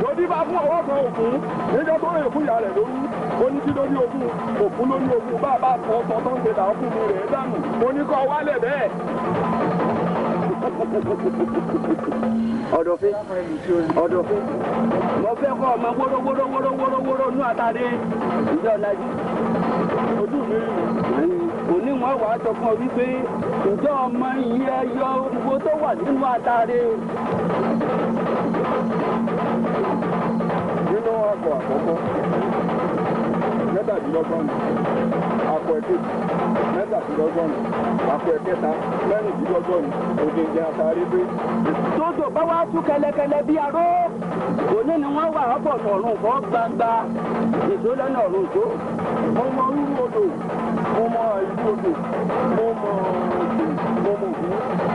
lódì bá fún ọwọ́ kan òkun níjọ́ tó rè fún ìyá rẹ̀ lóyún ó ní kí lórí ogun òkun lórí ogun bá a bá sọ ọtọ tó ń gbé dàá mi rẹ̀ dànù mo ní kọ́ wálẹ̀ bẹ́ẹ̀. ọ̀dọ̀fin ọ̀dọ̀fin mo fẹ́ kọ́ ọmọ wóró wóró wóró wóró wóró nú àtàdé ìjọ wọ́n wàá sọ wípé ǹjọ́ ọmọ iye ẹyọ owó tó wà nínú atare. nínú ọkọ̀ àkọ́kọ́ mẹ́tàdínlọ́gọ́rùn akọ ẹ̀kejì mẹ́tàdínlọ́gọ́rùn akọ ẹ̀kẹta mẹ́rìndínlọ́gọ́rùn ògègè àtàrígbé. tótó bá wá tú kẹlẹkẹlẹ bí aró òní ni wọ́n wà ọ̀pọ̀ ọ̀run kọ́ gbangba èso lọ́nà ọ̀run tó. mo mọ irú odò mo mọ ìlú odò mo mọ ògègè mo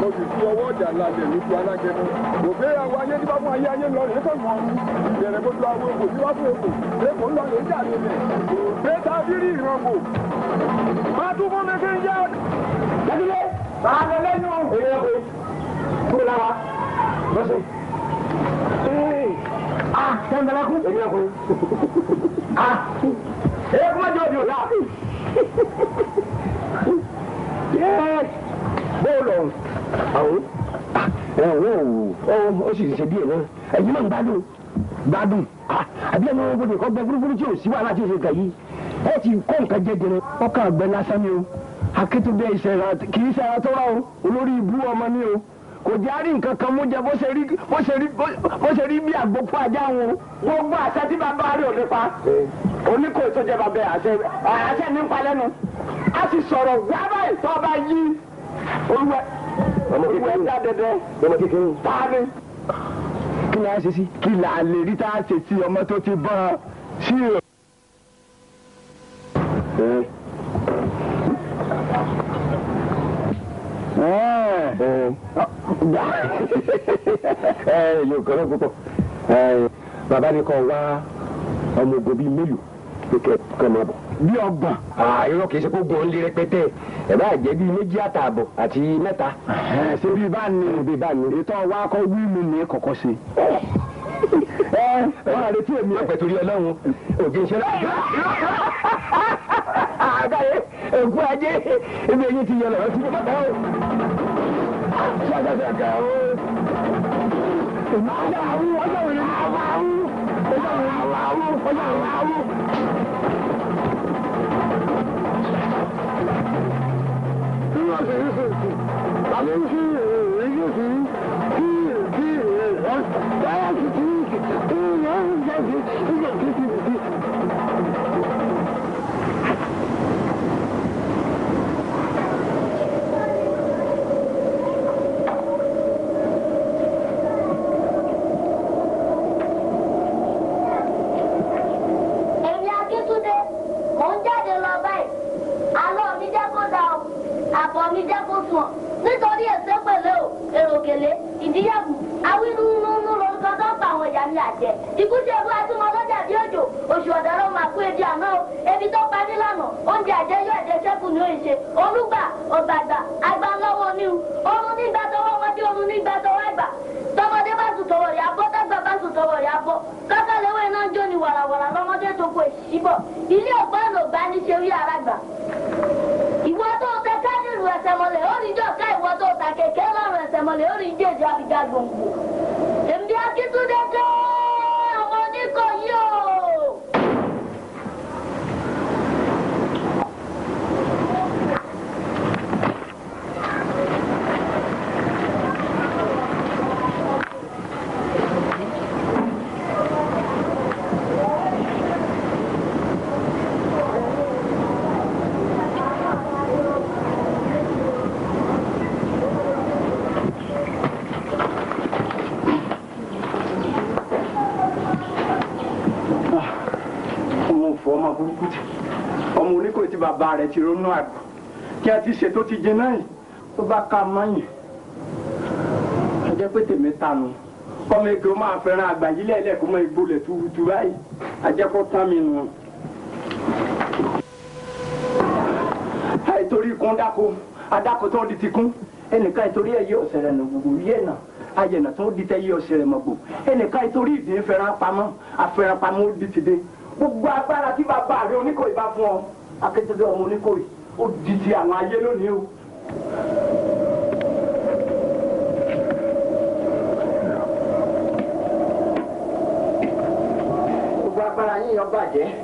mọ̀ fún ọwọ́ ọ̀dà lálẹ́ ní ti alágẹmọ. òbí àwọn ayé tí fún ayé ayé lọ rèé kàn wọ́n ìbẹ̀rẹ̀ gbogbo àwọn èkó tí wọ́n fún èkó èkó ń lọ rèé jà lélẹ̀. òbí ta bírí ìran kò. máa tún fún mi kí n yá. ẹnilẹ máa lọ lẹ́yìn o. èyí ẹ pé kúrò lára lọ́sẹ̀. a tẹ̀mbẹ̀lẹ̀ kú. èyí ẹ pé a èyí kúmọ̀ bóòlù ọ̀hún ọ̀hún ọ̀hún ó sì ṣe díẹ̀ náà ẹ̀yin náà ń gbádùn gbádùn ah, àbí ẹni wọn gbọdọ̀ kọ́ gbẹ gúrúgúrú tí ò sí wàhálà tí ò ṣe kà yìí ẹ ti kó nǹkan jẹ dẹrẹ ọkọ àgbẹ lásán ni o akétúndé ìṣẹ̀ra kì í ṣẹ̀ra tó rà o olórí ibú ọmọ ni o kò jẹ́ àárín nǹkan kan mú jẹ bó ṣe rí bó ṣe rí bó ṣe rí bí àgbo fún ajá o. gbogbo àṣẹ tí bàbá rẹ̀ ò nípa oníkó ìtọ́jẹ́ bàbá àṣẹ àṣẹ nípa lẹ́nu olúwa olúwa ẹja dẹdẹ tani kí la ṣe sí kí la lè rí tá a ṣe sí ọmọ tó ti bọ́ sí o. ẹ ẹ lè kọ́ lọ́kùnkùn bàbá ni kò wá ọmọ ogun bíi mélòó pé kẹ́ máa bọ̀. bí ọgbọ̀n. irọ́ kìí ṣe kó gbọ́n lé rẹpẹtẹ ẹ̀ bá jẹ́ bíi méjì àtààbọ̀ àti mẹ́ta. ṣé bíi bá ní bíi bá ní. ètò ọwọ́ akọ wíìlì ní kọ̀kọ́ sí. ẹ wọn àrètí èmi. ọ̀pẹ̀ torí ọlọ́run ògì ń ṣe láàyè. àgbáyé èkó ajé ebi eyín ti yẹ lọ́wọ́ sí bàbá o. ṣàgbàgbà o. ìmọ̀ ọjà àwọn ọjà òyìnbó àwọn àwọn ọjà àwọn àwọn ọjà àwọn àwọn. 啥子？啥子？啥子？啥子？啥子？啥子？啥子？啥子？啥子？ti ronú àgbà kí a ti ṣètò ti jiná yìí tó bá ká mọ́yìn ẹ jẹ́ pé tèmi tanu ọmọ ege o máa fẹ́ràn àgbà yìí lẹ́lẹ́ kó mọ ìbolẹ̀ tuurutu báyìí ajẹ́kọ́ tán mi nù. àìtorí ikún dáko adáko tó ń di ti kún ẹnìkan ìtorí ẹyẹ ọ̀sẹ̀ rẹ̀ nà gbogbo yẹ̀ nà ayẹ̀nà tó ń di tẹ́ yẹ ọ̀sẹ̀ rẹ̀ mọ̀ gbò ẹnìkan ìtorí ìdí fẹ́ràn pamọ́ àfẹ́ràn pamọ́ ó di ti dé gbogbo agbára tí bàbá rẹ oníkọ̀ ìbá fún ọ akéjọdọ ọmọ oníkòyí ó di ti àwọn ayé lónìí o. gbogbo agbára yín yan bàjẹ́.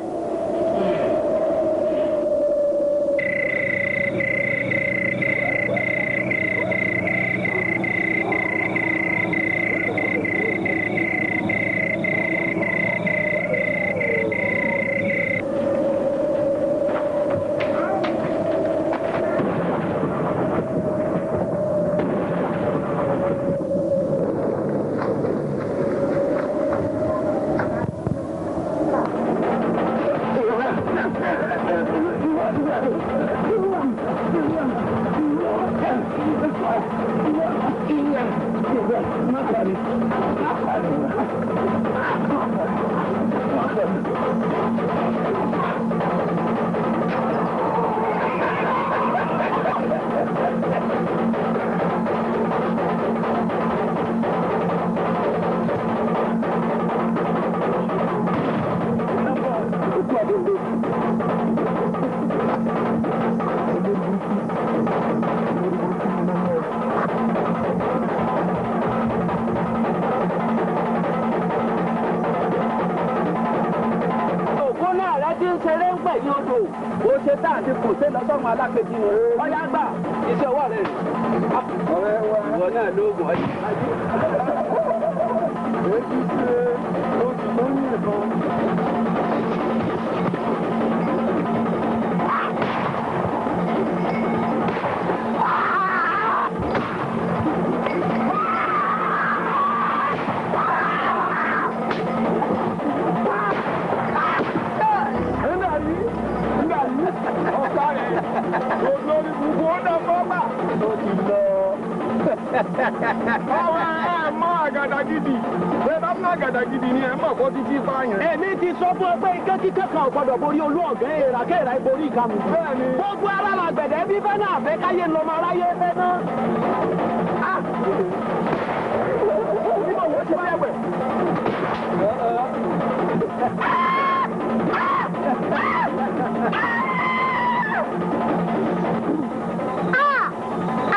ká mi. gbogbo ara la gbẹ̀dẹ̀ bí fẹ́ náà fẹ́ káyé lọ́mọ aráyé fẹ́ náà. Ah! nígbà wo ti báyà wẹ̀. Ah!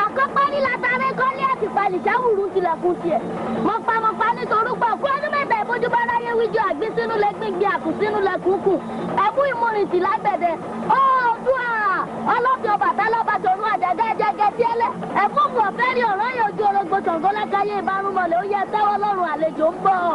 àkọ́kọ́ ní látàrí kọ́lé àti pàlìṣà wùrù tilẹ̀kùn tiẹ̀ mọ̀pá mọ̀pá nítorí pọ̀ fún ọdún mẹ́ta ìbójúbá aráyé wíjọ àgbésínú lẹ́gbẹ̀gbẹ̀ àkùsínú lẹ́kùnkùn ẹ̀kú ìmúrìntì lágbẹ̀dẹ̀ ó gbogbo Ṣàngó lágbàáyé ìbárúmọlẹ̀ ó yẹ tẹ́wọ́ lọ́rùn àlejò ń bọ̀.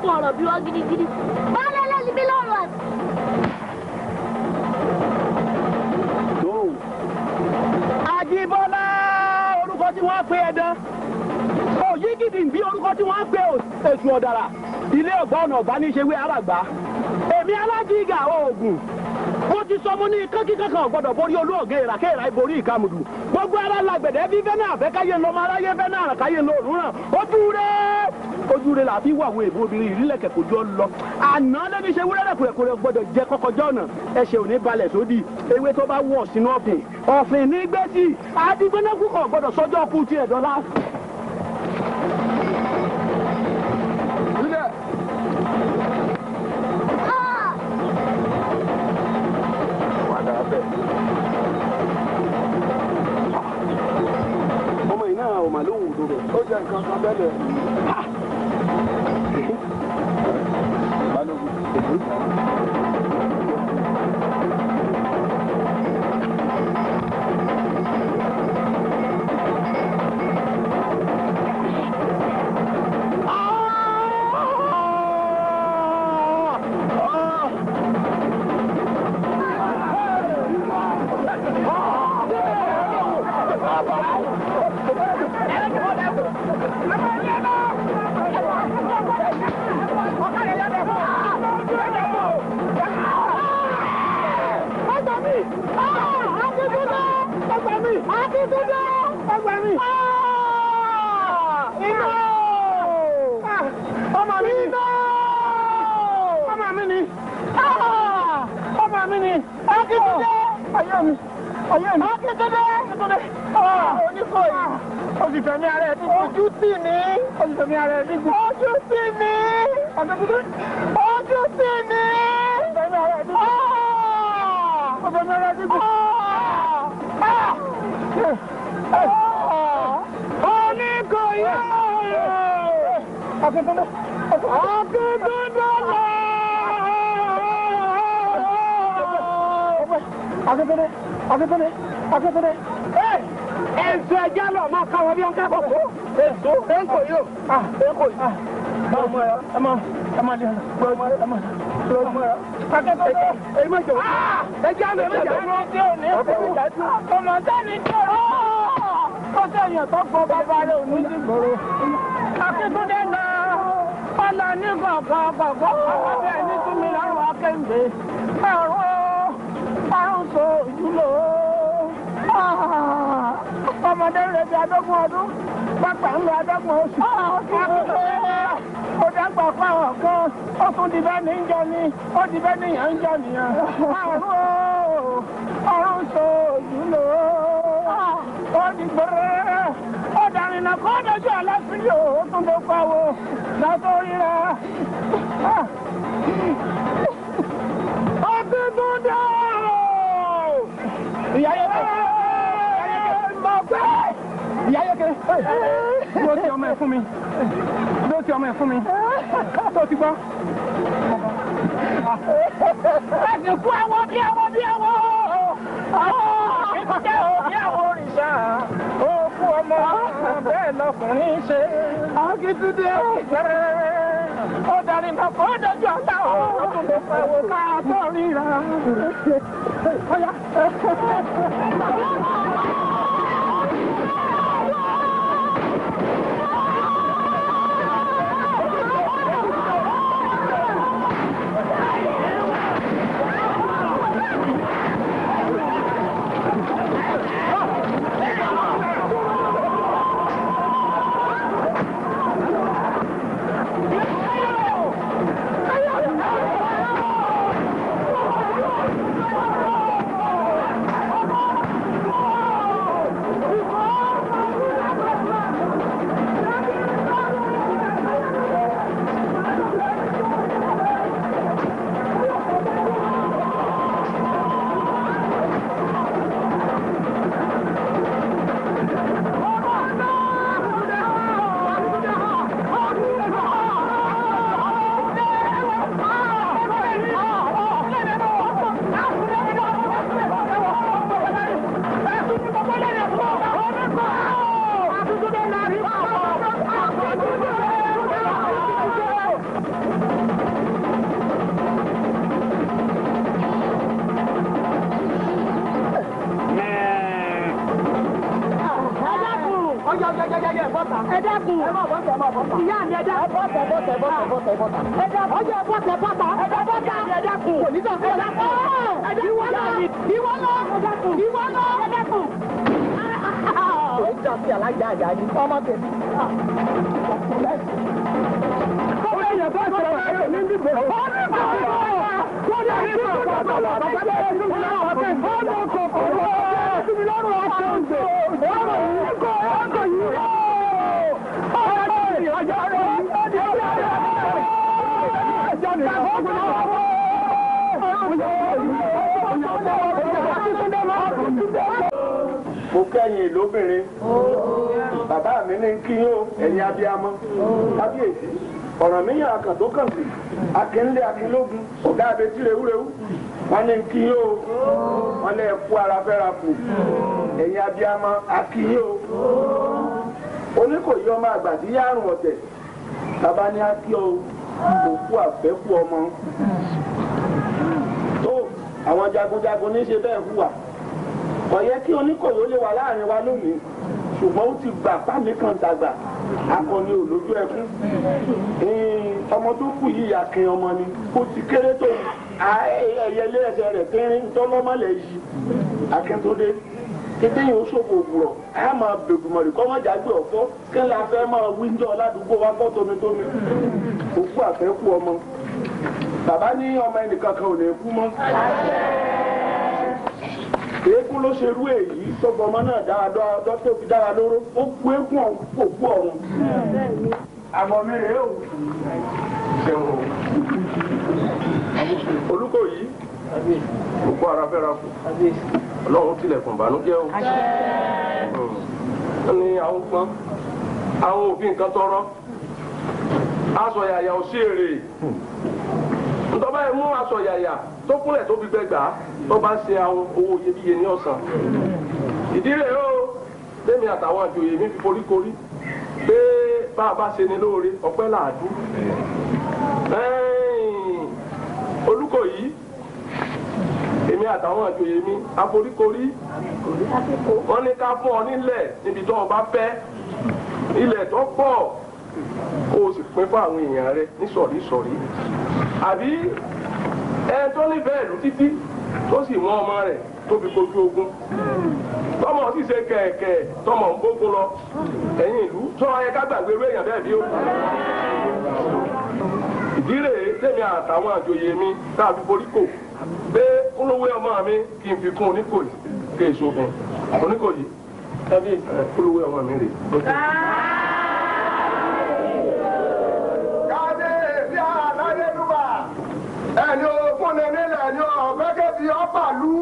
kún ọ̀rọ̀ bí wọ́n gidigidi. Bálẹ̀ lẹ́ni bí lọ́rọ̀ àti. Àjìbọ́lá orúkọ tí wọ́n pe ẹ̀dán. Òyí gidi bí orúkọ tí wọ́n pe èṣù ọ̀dàrà. Ilé ọ̀gbá ọ̀nà ọ̀gbá ní ṣe wé àràgbá. Èmi alájìgà oògùn mo ti ojú rẹ̀ làbí wà àwọn èèbó obìnrin ìrìlẹ̀kẹ̀ kò jọ lọ. àná lẹ́ni ṣe wúrẹ́rẹ́ kúrẹ́kúrẹ́ gbọ́dọ̀ jẹ kọ́kọ́jọ́ ọ̀nà ẹ̀ṣẹ̀ ò ní balẹ̀ sódì ewé tó bá wọ̀ sínú ọ̀fìn ọ̀fìn nígbẹ́tì adigunnagun kò gbọ́dọ̀ sọ́jọ́ kú tiẹ̀ dọ́là. èyí mọ̀ jọ̀wọ́ ẹ jẹ́ àlọ́ ìjà dúró ọmọ sẹ́ni dúró ọ̀sẹ̀ yẹn tó gbọ́ bàbá rẹ̀ òní dìgbòrò akíkúndé náà pálá ní gbọ̀ngàn gbọ̀ngàn ọmọ bẹ́ẹ̀ ní túnmí lọ́rùn akéǹgbé ẹ̀rọ àrùn so ìjúlò ọmọdé rẹ̀ bí adógún ọdún pápá ń lọ adógún oṣù akíkúndé ah, ó dàgbà fáwọn ó tún ti bẹ́ẹ̀ ní ń jẹ ní ó ti bẹ́ẹ̀ níyàn ń jẹ nìyẹn àrùn àrùn ṣòjú lò ó di gbèrè ọ̀dàrin náà kọ́ dojú aláfíì ó tún tó pawó látòrí rẹ̀ ó ti tún dá ìyá yẹn kẹ́ mọ̀ pé ìyá yẹn kẹ́ ló ti ọmọ ẹ̀ fún mi ló ti ọmọ ẹ̀ fún mi tó ti gbọ́. ẹ̀sìn kú àwọn bí àwọn bí àwọn àwọn jẹ́ òbí àwọn òrìṣà òkú ọmọ bẹ́ẹ̀ lọkùnrin ṣe. akíntúndé ó darí mọ́ dojú ọ̀tá ó tún lè fẹ́ wò ká tó ríra. wọ́n ní kí yóò wọ́n lè kú ara fẹ́ra kù ẹ̀yin abiyamọ akí yóò oníkòyí ọmọ àgbà tí yárùn ọ̀tẹ̀ bàbá ní akí o kò kú àfẹ́kù ọmọ tó àwọn jagunjagun ní ṣe bẹ́ẹ̀ hùwà kò yẹ kí oníkòyí ó lè wà láàrin wa lónìí ṣùgbọ́n ó ti gbà pàmì kan dàgbà akọni olójú ẹkún ọmọ tó kù yìí akin ọmọ ni ó ti kéré tó yìí. ẹyẹ ilé ẹsẹ̀ rẹ̀ kẹrin tọ́lọ́mọlẹ̀ yìí akẹ́tọ́dé kété yìí ó ṣòfò òwúrọ̀ á máa bèbùmọ̀ rẹ̀ kọ́mọ́jà ma ọ̀fọ́ kí la fẹ́ máa wa kọ́ tómitómi òkú àfẹ́kù ọmọ bàbá ní ọmọ ẹnìkan kan ò lè kú mọ́ èékú ló ṣe èyí tọgbọ ọmọ náà dáadọ́ adọ́ tó fi dára lóró ó kú òkú ọ̀run àmọ́ mi o. olùkọ́ yìí gbogbo ara fẹ́ra kù ọlọ́run tilẹ̀kùn bànújẹ́ o wọ́n ní àwọn gbọ́n àwọn òfin kan tọrọ aṣọ yàyà ò sí èrè ntọ́ba ẹ̀ mú aṣọ yàyà tó kúnlẹ̀ tó fi gbẹgbà tó bá ṣe àwọn owó iyebíye ní ọ̀sán ìdí rẹ̀ o tèmi àtàwọn àjòyè mi fi foríkorí pé bá a bá ṣe ni lóore ọpẹ́ làádú. àtàwọn àjòyè mi aforíkorí wọ́n ní ká fún ọ nílẹ̀ níbi tó o bá fẹ́ ilẹ̀ tó pọ̀ kó o sì pín fún àwọn èèyàn rẹ ní sọ̀rí sọ̀rí àbí ẹ tó nífẹ̀ẹ́ ìlú títí tó sì mú ọmọ rẹ̀ tó fi kojú ogun tọmọ sì ṣe kẹ̀kẹ́ tọmọ ń gbógun lọ ẹ̀yìn ìlú tó ẹ ká gbàgbé irú èèyàn bẹ́ẹ̀ bí ó ìdí rèé tèmi àtàwọn àjòyè mi tá a fi borí kò pé kúlówé ọmọ mi kì í fi kún oníkòyí kí èso fún oníkòyí tàbí kúlówé ọmọ mi rè. kábíyèsí aláyélúwà ẹni ogún ni nílẹ̀ ni ọ̀fẹ́ kẹ́bi ọ̀pàlú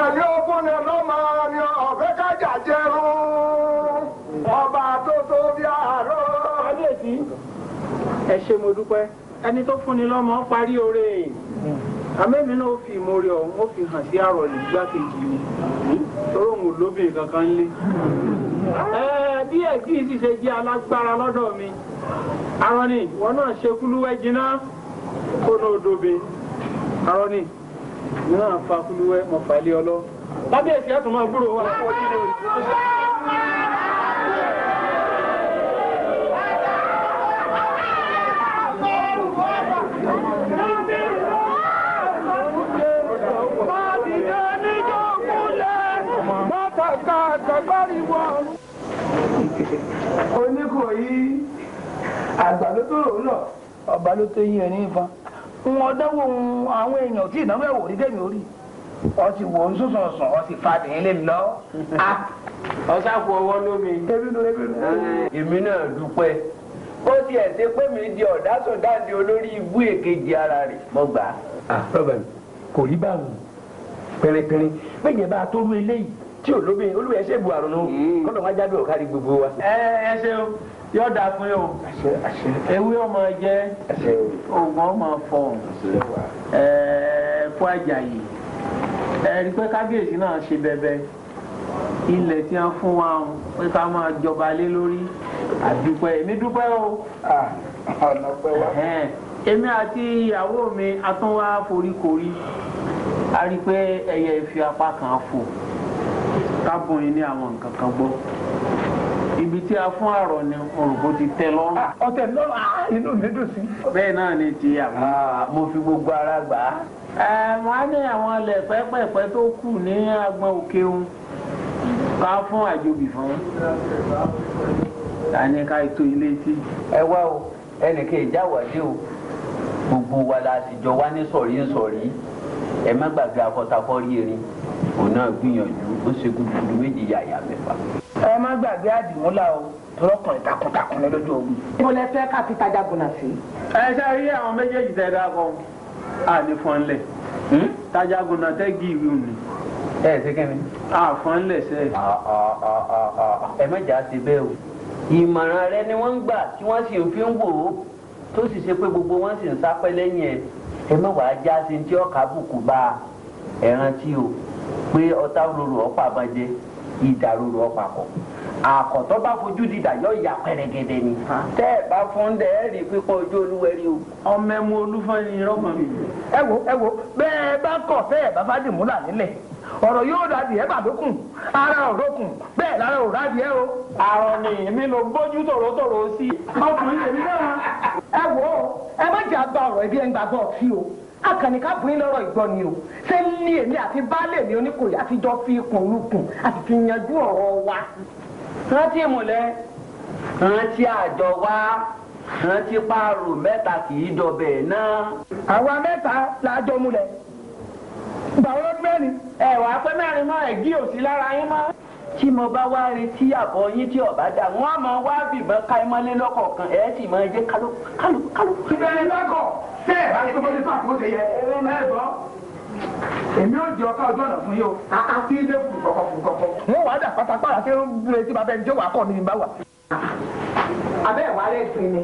ẹni ogún ni lọ́mọ ni ọ̀fẹ́ kájà jẹun ọba tó tó bí àárọ̀. kábíyèsí ẹ ṣé mo dúpẹ́ ẹni tó fún ni lọ́mọ parí oore. àmẹ́mi náà ó fi ìmọ̀ọ́rẹ́ ọ̀hún ó fi hàn sí àrọ̀ ní ni. mi lọ́rọ̀ òun lóbìnrin kankan lé. bí ẹ̀kí sì ṣe jẹ́ alágbára lọ́dọ̀ mi Aroni, wọn náà ṣe kúlúwẹ́ jiná kó náà dóbe Aroni, mi náà fa kúlúwẹ́ mọ̀fàlẹ́ ọlọ́ lábẹ́ ẹ̀sìn ẹ̀tùn gbúrò wa. àtọ̀gbáriwọ̀ ọ̀run. Oníkòyí àgbà ló tó rò ó lọ ọba ló tó yín ẹni ìfọn wọn dánwò àwọn èèyàn tí ìdánwò ẹwò rí gẹmí orí wọn ti wò ó sọsọsàn wọn ti fa tìyín lé lọ. Ah, ọ̀sàkùn ọwọ́ lómi eh, èmi náà dúpẹ́ ó ti ẹ̀ ṣe pé mi di ọ̀dásùn dáńdé olórí ibú èkejì ara rẹ̀ mo gbà. àbúrò bàbá ah, kò rí báwọn pẹrẹpẹrẹ bẹ́ẹ̀ yẹn bá a tó rú eléyìí tí ò lóbi olúwa ẹ ṣe bu àrùn o mm. kọ́ńtà wájú àdúrà kárí gbogbo wa. ẹ ẹ ṣe o yóò dáa fún yóò ewé ọmọ jẹ oògùn ọmọ fọ ẹ fún àjàyè ẹ rí i pé kábíyèsí náà ṣe bẹbẹ ilẹ̀ tí wọ́n fún wa pé ká máa jọba lé lórí àdúpẹ́ èmi dúpẹ́ o èmi àti ìyàwó mi a tún wá foríkorí a rí i pé ẹyẹ ìfi apá kan fò kábùn yín ní àwọn nǹkan kan gbọ́ ibi tí a fún àrọ ni òrùkó ti tẹ lọ́rùn. ọtẹ ah, lọ́rùn ah, inú mi dùn sí. bẹ́ẹ̀ náà ni ti àwọn. Ah, mo fi gbogbo ara gbà á. Eh, mo á ní àwọn ilẹ̀ pẹ́pẹ́pẹ́ tó kù ní agbọn òkè òun ká fún àjòbì fún tani ká ètò ilé tí. ẹ wá o ẹnì kejì àwàdí o gbogbo wa la ti jọ wá ní sọ̀rí sọ̀rí ẹ má gbàgbé akọtakọ́rí erin òun náà gbìyànjú ó ṣe gudugudu méjì yàyà mẹ́fà. ẹ má gbàgbé àdìmúlà o tọrọkùnrin takuntakun ní lójú ogun. mo lè fẹ́ ká fi tajà gùnà sí. ẹ ṣe rí àwọn méjèèjì tẹ dá kọ àní fọnlẹ̀ hmm? tajà gùnà tẹ gí ìwé òní. ẹ ṣe kí ni. àfọnlẹ̀ ṣe. ẹ mẹ́jà ti bẹ́ẹ̀ o ìmọ̀ràn rẹ ni wọ́n ń gbà tí wọ́n sì ń fi ń wò ó tó sì ṣe pé gbogbo wọn sì ń sápẹ́ lẹ́yìn ẹ̀ ẹ má wàá já sí tí ọkà bùkù bá ẹ̀rántí o pé ọ̀tá òróró àkọ́tọ́ bá fojú dìdà yọ ìyá pẹ̀rẹ̀gẹ̀dẹ̀ ni. tẹ́ ẹ bá fún dẹ ẹ rí pípọ̀ ojú olúwẹ̀rí o. ọmọ ẹmu olúfọ́n ni rọ́mọ mi. ẹ wo ẹ wo bẹ́ẹ̀ bá kọ̀ tẹ́ ẹ bá fàdìmúlà nílẹ̀ ọ̀rọ̀ yóò dàbí ẹ bàdókùn ara òrókùn bẹ́ẹ̀ lára ò rábìí o. àrọ̀ ni èmi ló gbójú tòrótòró sí i. ọkùnrin èmi náà. ẹ wo ẹ má jà gba ọ̀rọ̀ ibi ẹ̀ ń gbàgbọ́ sí o akànníká bùn lọ́rọ̀ ìgbọ́ ni o ṣé ní èmi àti baálé mi oníkòyí àtijọ́ fi ikùn lukùn àti ti yanjú ọ̀rọ̀ wa rántí ìmùlẹ̀ rántí àjọ wa rántí páàrò mẹ́ta kì í dọbẹ̀ náà. àwa mẹ́ta la múlẹ̀ gbà wọ́n mẹ́rin. ẹ wàá pé mẹ́rin mọ́ ẹ̀gí òsì lára yín mọ́. tí mo bá wá retí àbọ̀ yín tí ọ̀bá dà wọ́n mọ̀ wá bìbọn ká ẹmọ́lé lọ́kọ̀ọ̀kan ẹ̀ sì máa jẹ́ kálù ti tó èmi ò jẹ ọkọ ọjọ́ ọ̀nà fún yìí o àti ilé fùkọ̀kọ̀ fùkọ̀kọ̀. wọn wàá dà pátápátá tí ó ń gbé tí bàbá ẹni tí ó wà á kọ́ ni ìbá wà. abẹ́ ìwà rẹ̀ gbin ni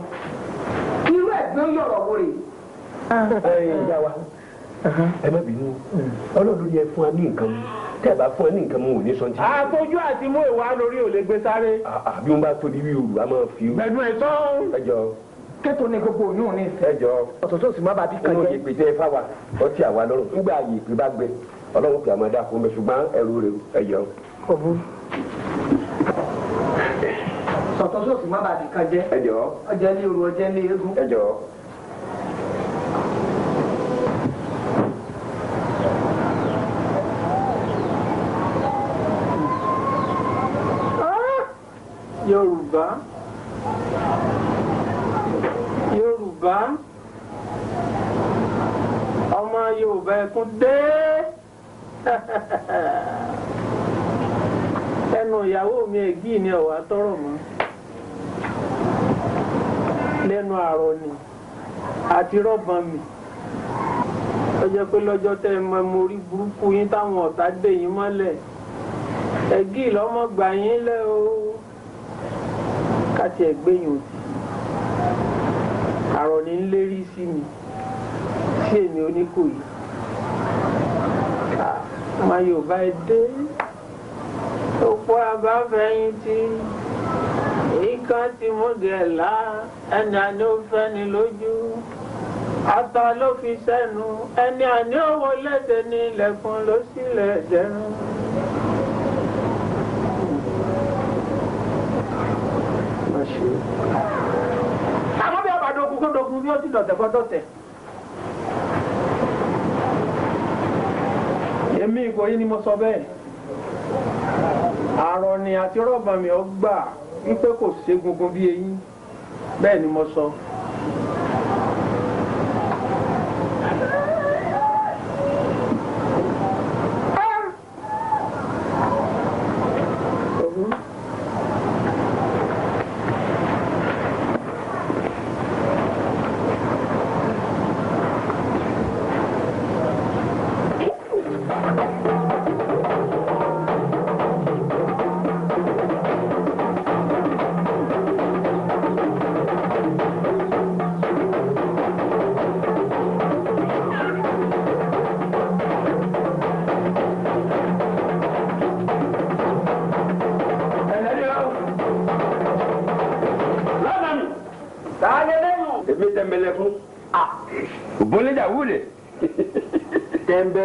irú ẹ̀gbọ́n yọ̀rọ̀ wo rè. ẹ̀yin ìyá wa ẹ má bínú ọlọ́run yẹ fún wa ní nǹkan mu tẹ́ ẹ bá fún wa ní nǹkan mu ò ní sọ jí. àtọjú àti mú ìwà lórí ò àbí wọn bá tóbi bí òru a máa fi. bẹ̀dùn ẹ̀ sọ́ọ́. ẹ jọ kéto ni gbogbo oyún ní ìsẹ́. ẹjọ ọ̀tọ̀tọ̀ sì má bàa bí kan jẹ́. inú yèpè tẹ fáwa ọtí àwa lọ́rùn nígbà yèpè bá gbẹ ọlọ́run kì í àmọ́ dáa fún mi ṣùgbọ́n ẹrù rẹ ẹjọ. ọ̀bù sọ̀tọ̀tọ̀ sì má bàa bí kan jẹ́. ẹjọ ọjẹ́ ní oru ọjẹ́ ní eégún. ẹjọ. Yorùbá. ọmọ yorùbá ẹkún dé ẹnu ìyàwó mi ẹgí ni ọwà tọrọ mọ́ lẹ́nu àárọ̀ ni àti rọbọn mi ó jẹ́ pé lọ́jọ́ tẹ́ ẹ mọ mo rí burúkú yín táwọn ọ̀tá dé yín mọ́lẹ̀ ẹgí lọmọ gbà yín lẹ o káti òtí. àrọ̀ ní lérí sí mi sí èmi oníkòyí ah, ọmọ yorùbá ẹ dé òpó abáfẹ́yìntì èyí kan ti mú gẹ̀ẹ́lá ẹni àní ó fẹ́ni lójú ata ló fi sẹ́nu ẹni àní ó wọlé dẹni ilẹ̀kùn ló sílẹ̀ dẹnu. ó ti dọ̀tẹ̀ kọ́ dọ̀tẹ̀. èmi Ìkòyí ni mo sọ bẹ́ẹ̀ àrọ̀ ni àti rọ́bà mi ò gbà wípé kò ségungun bí eyín bẹ́ẹ̀ ni mo sọ.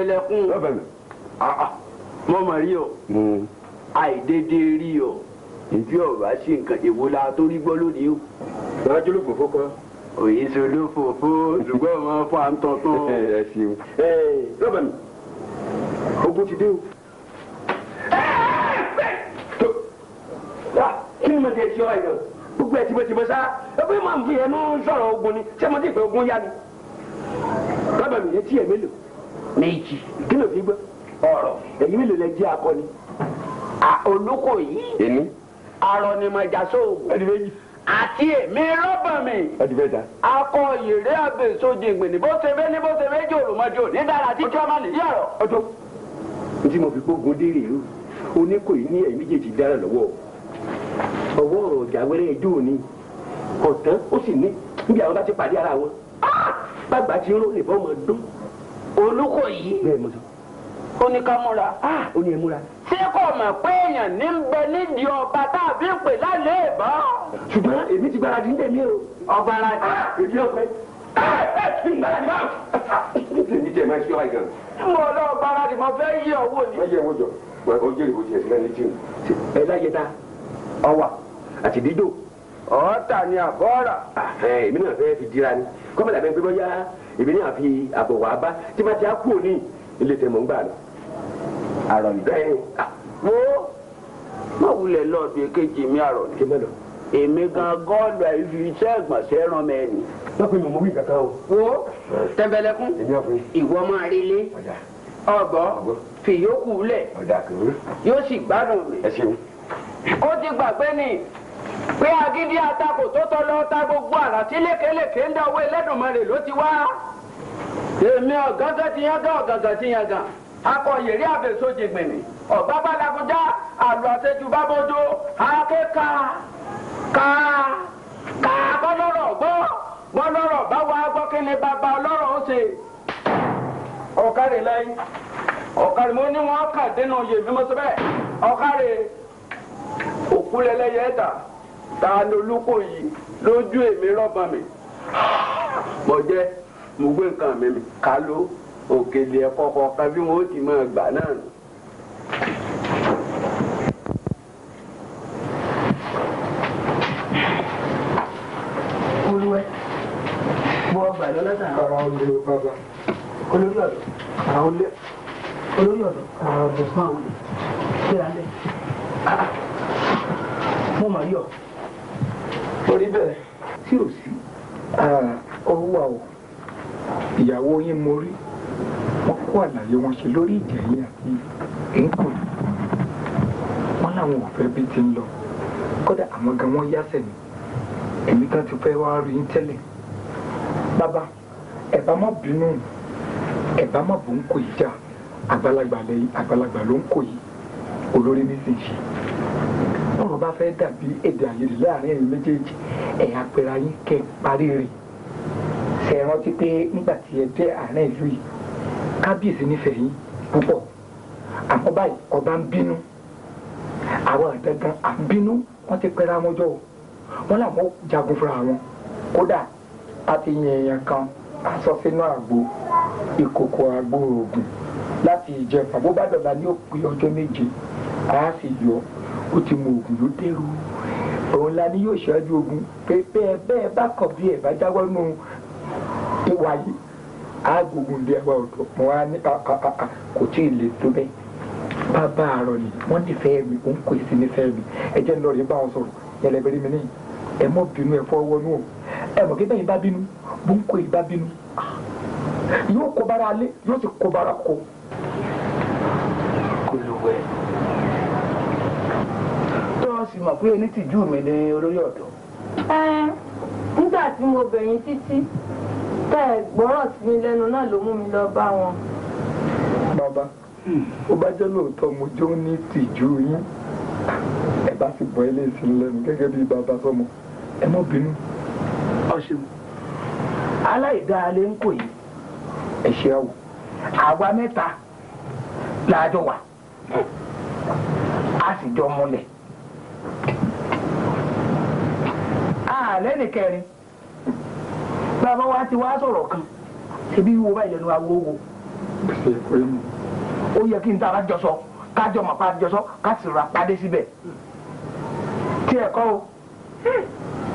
ẹlẹ́kùn ah, ah. mo mọ̀ rí o àìdédé rí o ìdí ọ̀rọ̀ á ṣe nǹkan èwo la tó rí gbọ́ lónìí o. ìdájọ́ ló fòfó kọ́. òye ṣe ló fòfó ṣùgbọ́n ọmọ fún àǹtọ̀tọ̀. ẹ ṣeun. ẹ ogun ti dé o. kí ni mo ti ṣe ọ ẹ̀yọ́ gbogbo ẹ̀ tìbọ̀tìbọ̀ sá ẹgbẹ́ máa ń fi ẹnu sọ̀rọ̀ ogun ni ṣé mo ti pè ogun yá ni. lọ́bàá mi etí ẹ̀ mélòó méjì. kí ló fi gbọ́ ọ̀rọ̀ èyí mi lè lè jí akọni. olóko yìí. èmi. já sóògùn. ẹni méjì. àti èmi rọ́bàmì. ẹni mẹ́ta. akọ yèrè abèsojì ìgbìnì bó ṣe bẹ́ẹ̀ ni bó ṣe méjì òròmọjò ní dára tí tíọ́mà nìyí ọ̀rọ̀. ọjọ́ n tí mo fi gbógun dé rèé o oníkò yìí ní ẹ̀yìn méjèèjì dára lọ́wọ́ ọwọ́ ọ̀rọ̀ ọ̀jà wẹ́rẹ́ ẹjọ́ òní ọ̀tán ó sì ní níbi àwọn bá ti pàdé ara wọn bàgbà ti ń ró lè bọ́ ọmọ dún Olúkòyí ó ní ká múra ó ní ẹ múra ṣé kò mọ̀ pé èèyàn ní ń bẹ nídìí ọba tàbí pè lálẹ́ ìbọn. ṣùgbọ́n èmi ti gbáradì ń tẹ̀mí o. ọba ara ti èmi ọ̀pẹ. ẹ ẹ fi gbáradì máa. èmi tẹ̀ máa ṣe ọ́ àìgàn. mo lọ gbáradì mo fẹ́ yí ọwọ́ ni. wọ́n yẹ wọ́n jọ wọ́n jẹ́ ìbò tiẹ̀ sílẹ̀ ní tíì. ẹ láyé ta ọwà àti dídò ọ̀ọ́ta ni àbọ̀ọ̀rà. Ah, èmi náà fẹ́ fi dira ni kọ́mọ̀lá bẹ́ẹ̀ gbé bọ́yá èmi ní àfi àbọ̀wọ̀ abá tí bá ti á kúrò ní ilé tẹ̀mọ̀ ń gbà lọ. àrọ̀ mi. wo má wulẹ̀ lọ bí kejì mi àrọ̀ ni èmi gan gọ́ọ̀lù àìfi iṣẹ́ ìgbọ̀nsẹ̀ ràn mí ẹni. lọ́pẹ́ mi ò mọ wí kankan o. wo tẹ̀mbẹ̀lẹ̀kún ìwọ máa rí ilé ọgbọ́n fìyókù lẹ̀ yóò sì gbádùn mi. ó ti gbàgbé ni pé agídí atakò tó tọ́ lọ ta gbogbo àrà tí lékeléké ń dá owó Ẹlẹ́dùmarè ló ti wá èmi ọ̀gángán ti yangán ọ̀gángán ti yangán akọ yèrè àbẹ̀sọ́jì gbìnì ọ̀gbá bàdàkújá àlọ́ àṣejù bábọ́jọ́ akéka ká ká bọ́lọ́rọ̀ gbọ́ bọ́lọ́rọ̀ bá wà gbọ́ kí ni bàbá ọlọ́rọ̀ ó ṣe ọ̀kárẹ̀ lẹ́yìn ọ̀kárẹ̀ mo ní wọn kà dénú yèmí mọ́tò bẹ́ẹ̀ ọ̀kárẹ̀ òkú lẹlẹyẹ dà ta ni olúkò yìí lójú èmi rọgbọn mi mo jẹ mo gbé nǹkan mi mi ká ló òkèlè ẹ̀kọ́ kọ̀ọ̀kan bí wọ́n ó ti máa gbà náà nù. olúwẹ bọ ọgbà lọlọta àwọn olórí bàbá olórí ọ̀dọ́ àwọn olórí ọ̀dọ́ àwọn ọ̀dọ́ fún àwọn olè kí á mo mà yọ orí bẹ́ẹ̀ tí ò sí ọwọ́ wa o ìyàwó yín mo rí wọ́n kó àlàyé wọn ṣe lórí ìjẹ̀yìn àti nǹkan wọn làwọn ò fẹ́ bí ti ń lọ kódà àwọn gan wọn yáṣẹ̀ ni èmi kan ti fẹ́ wá rí tẹ́lẹ̀ bàbá ẹ bá má bínú ẹ bá má bò ń kó ìjà àgbàlagbà ló ń kó yìí olórí nísinsìnyí tọ́rọ̀ bá fẹ́ dàbí èdè àyèdè láàrin ẹ̀yin méjèèjì ẹ̀yin apẹ̀rẹ̀ ayé kẹ́ parí rẹ̀ ṣe é rántí pé nígbà tí ẹ dé àárín ìlú yìí kábíyèsí nífẹ̀ẹ́ yín púpọ̀ àmọ́ báyìí ọba ń bínú àwọn àdẹ́gán àbínú wọ́n ti pẹ́ra wọn jọ wọn làwọn jagun fúnra wọn kódà a ti yan èèyàn kan aṣọ sínú àgbo ìkòkò àgbo oògùn láti ìjẹfà bó bá dọ̀la ní òpin ọjọ́ méje a sì yọ ó ti mọ ògùn ló dẹrù òun la ni yóò ṣáájú ogun pé bẹ́ẹ̀ bẹ́ẹ̀ bá kọ̀ bí ẹ̀ bá jáwọ́ nù ìwà yìí agogun di àwa ọ̀dọ́ wọn á ní kò tí ì lè tó bẹ́ẹ̀ bàbá àrọ̀ ni wọ́n nífẹ̀ẹ́ mi òun kò sí nífẹ̀ẹ́ mi ẹ jẹ́ lọ́ọ̀rì bá wọn sọ̀rọ̀ yẹlẹbẹ̀rẹ̀ mi nìyí ẹ mọ̀ bínú ẹ fọwọ́ nù ẹ mọ̀ kébẹ́ yìí bá bínú bó ń kó yìí bá bínú ah, yóò kó bára alé yóò sì kó bára kó. ti mọ̀ pé onítìjú mi ni olórí ọ̀dọ́. ẹ nígbà tí mo bẹ̀yìn títí tẹ́ ẹ gbọ́rọ̀ sí mi lẹ́nu náà ló mú mi lọ bá wọn. bàbá ó bá jẹ́ lóòótọ́ mo jó ní tìjú yín ẹ bá sì gbọ́ ilé ìsìn lẹ́nu gẹ́gẹ́ bí bàbá sọmọ ẹ mọ́ bínú. ọ̀ṣun aláìdáalé ń kò yìí ẹ ṣe àwa mẹ́ta la wà a sì jọ múlẹ̀ àlẹ́ nìkẹrin bàbá wa ti wá sọ̀rọ̀ kan ṣebí wo báyìí lẹ́nu awo wo ó yẹ kí n tara jọsọ kájọ màpá jọsọ ká sì ra padé síbẹ̀ tí ẹ kọ́ o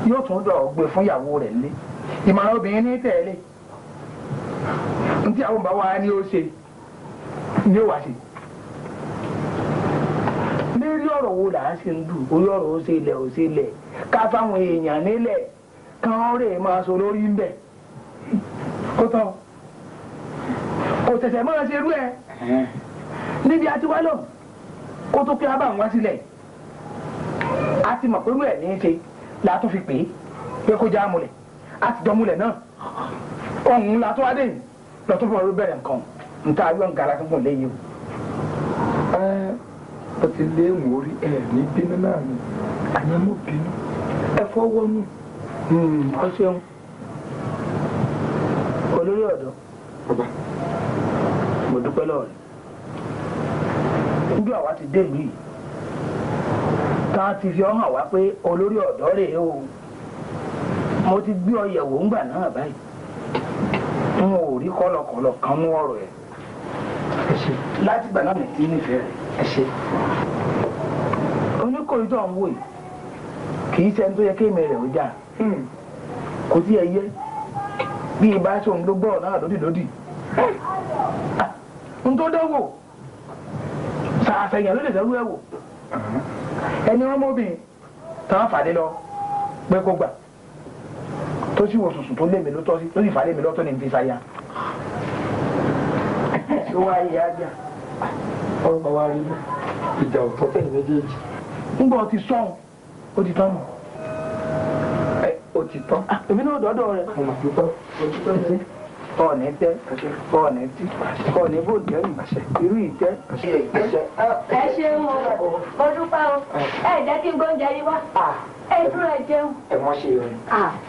yóò tún dọ̀ gbé fún ìyàwó rẹ̀ lé ìmọ̀ràn obìnrin ní tẹ̀lé ntí àwọn bàbá wa ni ó ṣe ni ó wà ṣe ọ̀rọ̀ wo là ń ṣe ń dù orí ọ̀rọ̀ ó ṣe ilẹ̀ ó ṣe ilẹ̀ ká fáwọn èèyàn nílẹ̀ kán rè máa sọ lórí ń bẹ̀ kó tán kò tẹ̀sẹ̀ máa ṣe irú ẹ̀ níbi àti wá lọ kó tó kí abá wọn sílẹ̀ a ti mọ̀ pé irú ẹ̀ ní í ṣe la tún fi pè é pé kó já mulẹ̀ a ti jọ mulẹ̀ náà ọ̀hún la tún wá dé lọ́tún fún ọdún bẹ̀rẹ̀ nǹkan nǹkan ayọ̀ nǹkan alákùnkùn lẹ́yìn o wọ́n ti lé ìwọ̀n orí ẹ̀ ní bínú náà ni àyẹ̀ mọ̀ bínú ẹ fọwọ́ nù ọ hmm, ṣeun olórí ọ̀dọ́ ọba mo dúpẹ́ lọ́wọ́ rẹ̀ níjọ́ àwa ti dé ìlú yìí tá a ti fi ọ́ hàn wá pé olórí ọ̀dọ́ rèé o mo ti gbé ọ yẹ̀wò ńgbà náà báyìí n ò rí kọ̀lọ̀kọ̀lọ̀ kan mú ọ̀rọ̀ ẹ̀ láti gbà náà mi ti nífẹ̀ẹ́ rẹ̀ ẹ ṣe oníkòrídọ̀ ń wò yìí kì í ṣe ẹni tó yẹ kéèmì rẹ̀ ó já hmm. kò tí ẹ yẹ bí ibà ṣòun ló gbọ́ náà lódìlódì hmm. n tó dẹ́wò sàfẹ̀yàn ló lè dẹ́rú ẹ̀ wò uh-huh. ẹni wọn mọ́bìnrin táwọn fàdé lọ pé kó gbà tó sì wò sùsùn tó lémi lótọ́ sí tó sì fàdé mi lọ́tọ́ ní fi ṣayá. ọ̀rọ̀ bá rí ìjà ọ̀tọ̀ tẹ̀yìn méjèèjì. ńgbà ó ti sọ̀n ó ti tán nù. ẹ ó ti tán. Ah, èmi náà dọ́dọ̀ rẹ. mo dúpẹ́ ojúpẹ́ kọ́ọ̀nì tẹ́ kọ́ọ̀nì tí kọ́ọ̀nì bò jẹ́ ìgbàṣẹ irú ìtẹ́. ẹ ṣeun o mo dúpẹ́ o ẹ jẹ́ kí n gbóúnjẹ yín wá ah. ẹ dúró ẹ jẹun. ẹ mọ ṣe yọrin.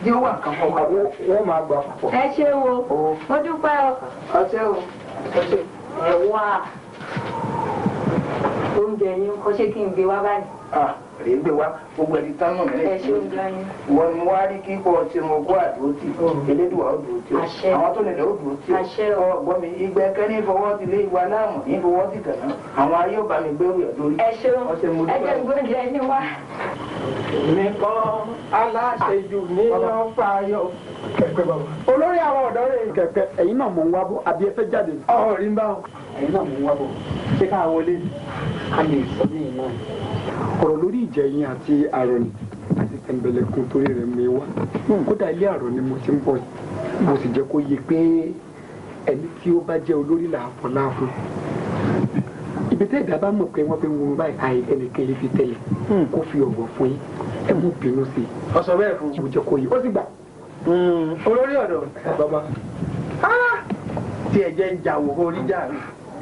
jẹ́ ó wà nǹkan fún wa máa gbà púpọ̀. ẹ ṣeun o mo dúpẹ́ o. ọ̀sẹ̀ o ọ̀sẹ̀ ẹ̀ wá oúnjẹ yín kọ́ ṣé kí n gbé wá báyìí. ah rèé gbé wá gbogbo ẹni tán náà mẹ́rin tí wọ́n ni wọ́n á rí kíkọ́ ọtí mo kó àdúró tì elédùnwá ó dúró tì ó àwọn tó nílẹ̀ ó dúró tì ó gbọ́ mi ìgbẹ́ kẹ́ni fọwọ́ ti lé ìwà láàmú ní fọwọ́ ti kàná àwọn ayé ọba mi gbé òyà lórí ọtí mo dúró. ẹ jẹ́ gbọ́dọ̀ ẹni wá. mi kọ́ aláṣejù ní ọ̀fà ayọ̀ kẹ̀kẹ́ bàbá olórí àwọn ọ̀dọ́ rẹ̀ kẹ̀kẹ́ ẹ̀yin náà mò ń wá bó àbí ẹ fẹ́ jáde. ọ̀rìn báwọn ẹ̀yin náà mú wá bọ̀ ṣé ká wọlé ká lè sọ ní ìmọ̀ ọ̀rọ̀ lórí ìjẹyìn àti àròyìn àti tẹ̀m̀bẹ̀lẹ̀kùn torí rẹ̀ mi wá kódà ilé àrò ni mo ti ń bọ̀ mo sì jẹ́ kó yé pé ẹni tí ó bá jẹ́ olórí làápọ̀ láàfún ibi tẹ́ ìdá bá mọ̀ pé wọ́n fi ń wo báyìí àyè ẹnìkejì fi tẹ̀lé hmm. kó fi ọ̀wọ̀ fún yín ẹ mú bínú sí i. ọsọ bẹ́ẹ̀ fún mo jẹ́ kó yé ó sì gbà. Hmm. olórí ọ̀dọ̀ bàbá ah! tí ẹ̀jẹ̀ ń jà wò kó rí jà rí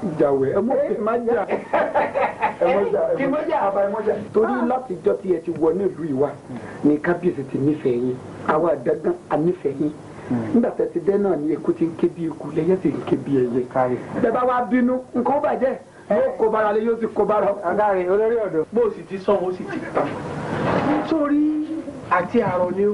ìjàwẹ̀ ẹ mọ̀ pé má jà ẹ mọ̀ jà ẹ mọ̀ jà àbá ẹ mọ̀ jà. torí látijọ́ tí ẹ ti wọ ní ìlú ìwà ni kábíyèsí ti nífẹ̀ẹ́ yín àwa àdẹ́gán ànífẹ̀ẹ́ yín hmm. nígbà tẹ ti dẹ́ náà ni eku ti ń ké bí eku lẹ́yẹ ti ń ké bí ẹyẹ. bẹ́ẹ̀ bá wá bínú nǹkan ó bàjẹ́ eh. yóò kó bára lé yóò sì kó bára. agáre olórí ọ̀dọ́. bó o sì ti sọ o sì ti tà sórí àti àrọ̀ ni ó.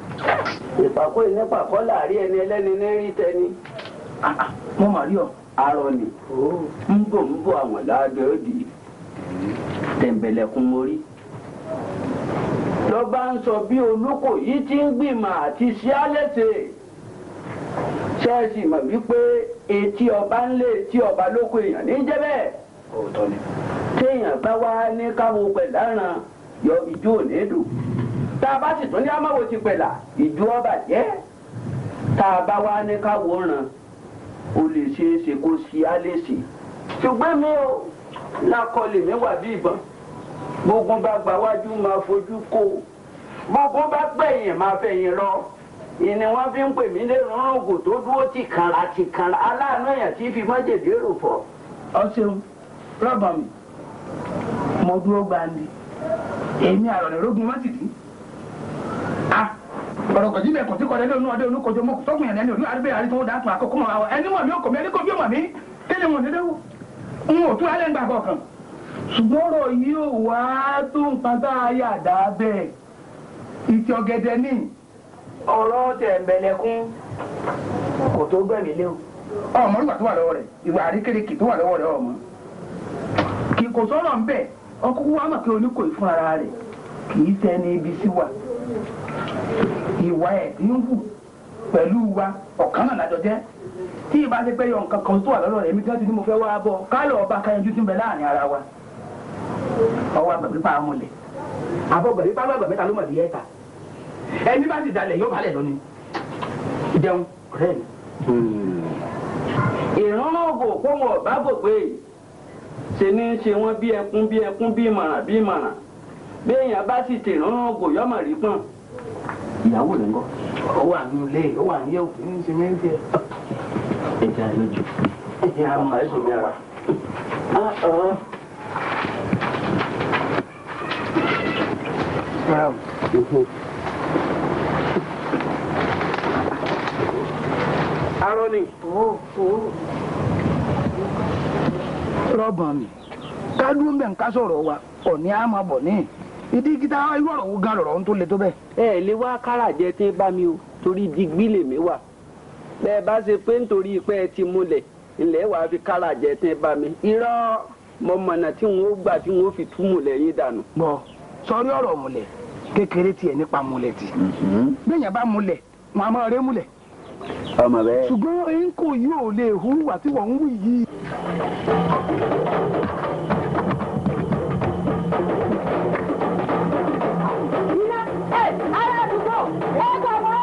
ìpàkọ́ ìnípàkọ́ láàrin ẹni ẹlẹ́ni ní rí tẹni. Ah, ah, mo mà rí ọ arọ ni ń oh. bò ń bò àwọn láàdọ̀ òdì tẹ̀m̀bẹ̀lẹ̀kùn mórí. lọ́ba ń sọ bí olóko yìí ti ń gbìmọ̀ àti ṣíálẹ̀sẹ̀ ṣẹ́ẹ̀sì mọ̀ wípé etí ọba ń lé etí ọba lóko èèyàn ní jẹ́ bẹ́ẹ̀. téèyàn bá wá ní káwọn pẹ̀lú àràn yọ ìjó òní dùn. tá a bá sì tún ní amáwo ti pẹ̀lá ìjú ọba jẹ́ tá a bá wá ní káwòrán o lè ṣe é ṣe kó ṣe á lè ṣe ṣùgbọ́n mi ò lákọ lèmi wà bí ìbọn gbogbo bá gba wájú máa fojú kó gbogbo bá gbẹ̀yìn máa fẹ̀yìn lọ ìní wọn fi ń pè mí lé rúnrúngò tó dúró ti kànra ti kànra aláàánú èèyàn tí fi mọ́jèlé rò fọ́. ọ ṣeun rábà mi mo dúró gbandi èmi àrọ̀lẹ́rógún mọ́sìtì. ọ̀rọ̀ kọ̀jí bẹ̀ kọ̀tí kọ̀rẹ́ lónú ọdẹ olùkọjọ mọ́ sọ́kùn yẹn lẹ́nu olú àdúgbò àrí ṣùgbọ́n ọ̀rọ̀ a yà dá bẹ́ẹ̀ ìtì ọ̀gẹ̀dẹ̀ ní. ọ̀rọ̀ kò tó gbẹ̀mí lé o. ọmọ nígbà tó wà lọ́wọ́ rẹ̀ ìwà àríkèrèkè tó wà lọ́wọ́ rẹ̀ ọmọ. kì kò ń bẹ̀ wa mọ̀ oníkòyí wa. ìwà ẹ̀ ń wù pẹ̀lú wa ọ̀kan náà lájọ jẹ́ tí ìbá ṣe pé yọ nǹkan kan tó wà lọ́rọ̀ èmi kan ti ní mo fẹ́ wá bọ̀ káàlọ̀ ọba kayanjú ti ń bẹ láàrin ara wa ọwọ́ àgbàgbé pa àwọn ọlẹ̀ àbọ̀gbàgbé pa àgbàgbé ta ló mọ̀ bí ẹ̀ ta ẹni bá ti dalẹ̀ yóò balẹ̀ lọ ni jẹun rẹ̀ ni. Hmm. ìran náà bò kó wọn ọba bò pé ṣe ní ṣe wọn bí ẹkún bí ẹkún bí ìmọ̀ràn bí ìmọ̀ràn bí èèyàn bá sì tèrán náà bò yọmọ rí pọ̀n ìyàwó rẹ̀ ńkọ́. ó wà ní ilé ó wà ní òkè ní ṣe méjì ẹ. ẹ jẹ́ àlejò. ìyá àmà ẹ̀ sọ̀rọ̀ yàrá. Aroni. Rọ́bọ̀n mi, ká dúró ń ń ká sọ̀rọ̀ wa, ọ̀ ní àmọ́ bọ̀ ní ìdí gita irú ọ̀rọ̀ wo gan lọ̀rọ̀ ń tó le tó bẹ́ẹ̀. ẹ ẹ lè wá kára jẹ tẹ bá mi o torí digbí lèmi wà bẹ́ẹ̀ bá ṣe pé nítorí pé ẹ ti múlẹ̀ ilẹ̀ wàá fi kára jẹ tẹ bá mi irọ́ mo mọ̀nà tí wọn ó gbà tí wọn ó fi tú múlẹ̀ yín dànù. gbọ́ sọrí ọ̀rọ̀ múlẹ̀ kékeré tiẹ̀ nípa múlẹ̀ tì mm-hmm. bẹ́ẹ̀yàn bá múlẹ̀ wọn a máa rẹ́ múlẹ̀. ọmọ bẹ́ẹ̀. ṣùgbọ́n eyín kò yí ò lè hùwà tí wọ́n ń wù yìí. All right, go. Let's go.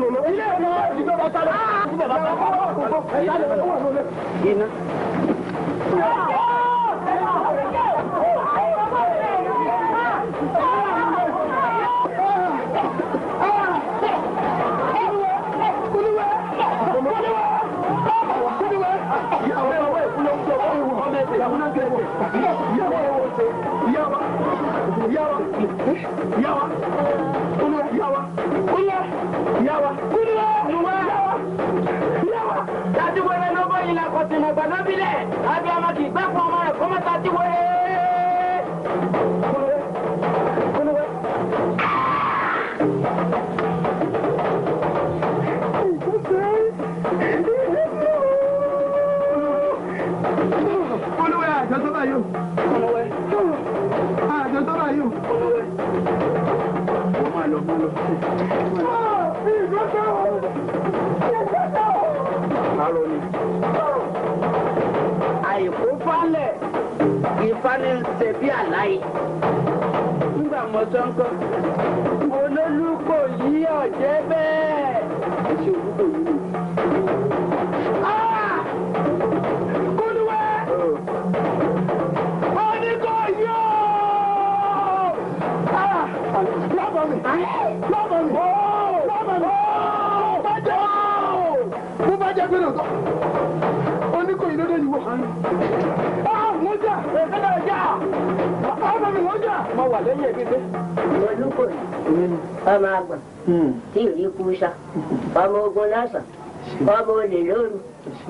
ló lọ. ilé ìwọ ìjọba ta ló fún bàbá ta ló ẹ̀yà ló wà lólè. iná. Yeah. the way. ọmọ sọ́ńkọ́. olólùkọ yìí ọ̀jẹ́ bẹ́ẹ̀. ẹ ṣe olúkọ yìí lò. Ah! ló dé yìí wọ̀. ni wọ́n jà. mo wà lẹ́yìn ẹbí pé. ìwọ lóko yìí ọmọ àgbà tí ì rí kúsà ọmọ ogun lásán ọmọ olè lóru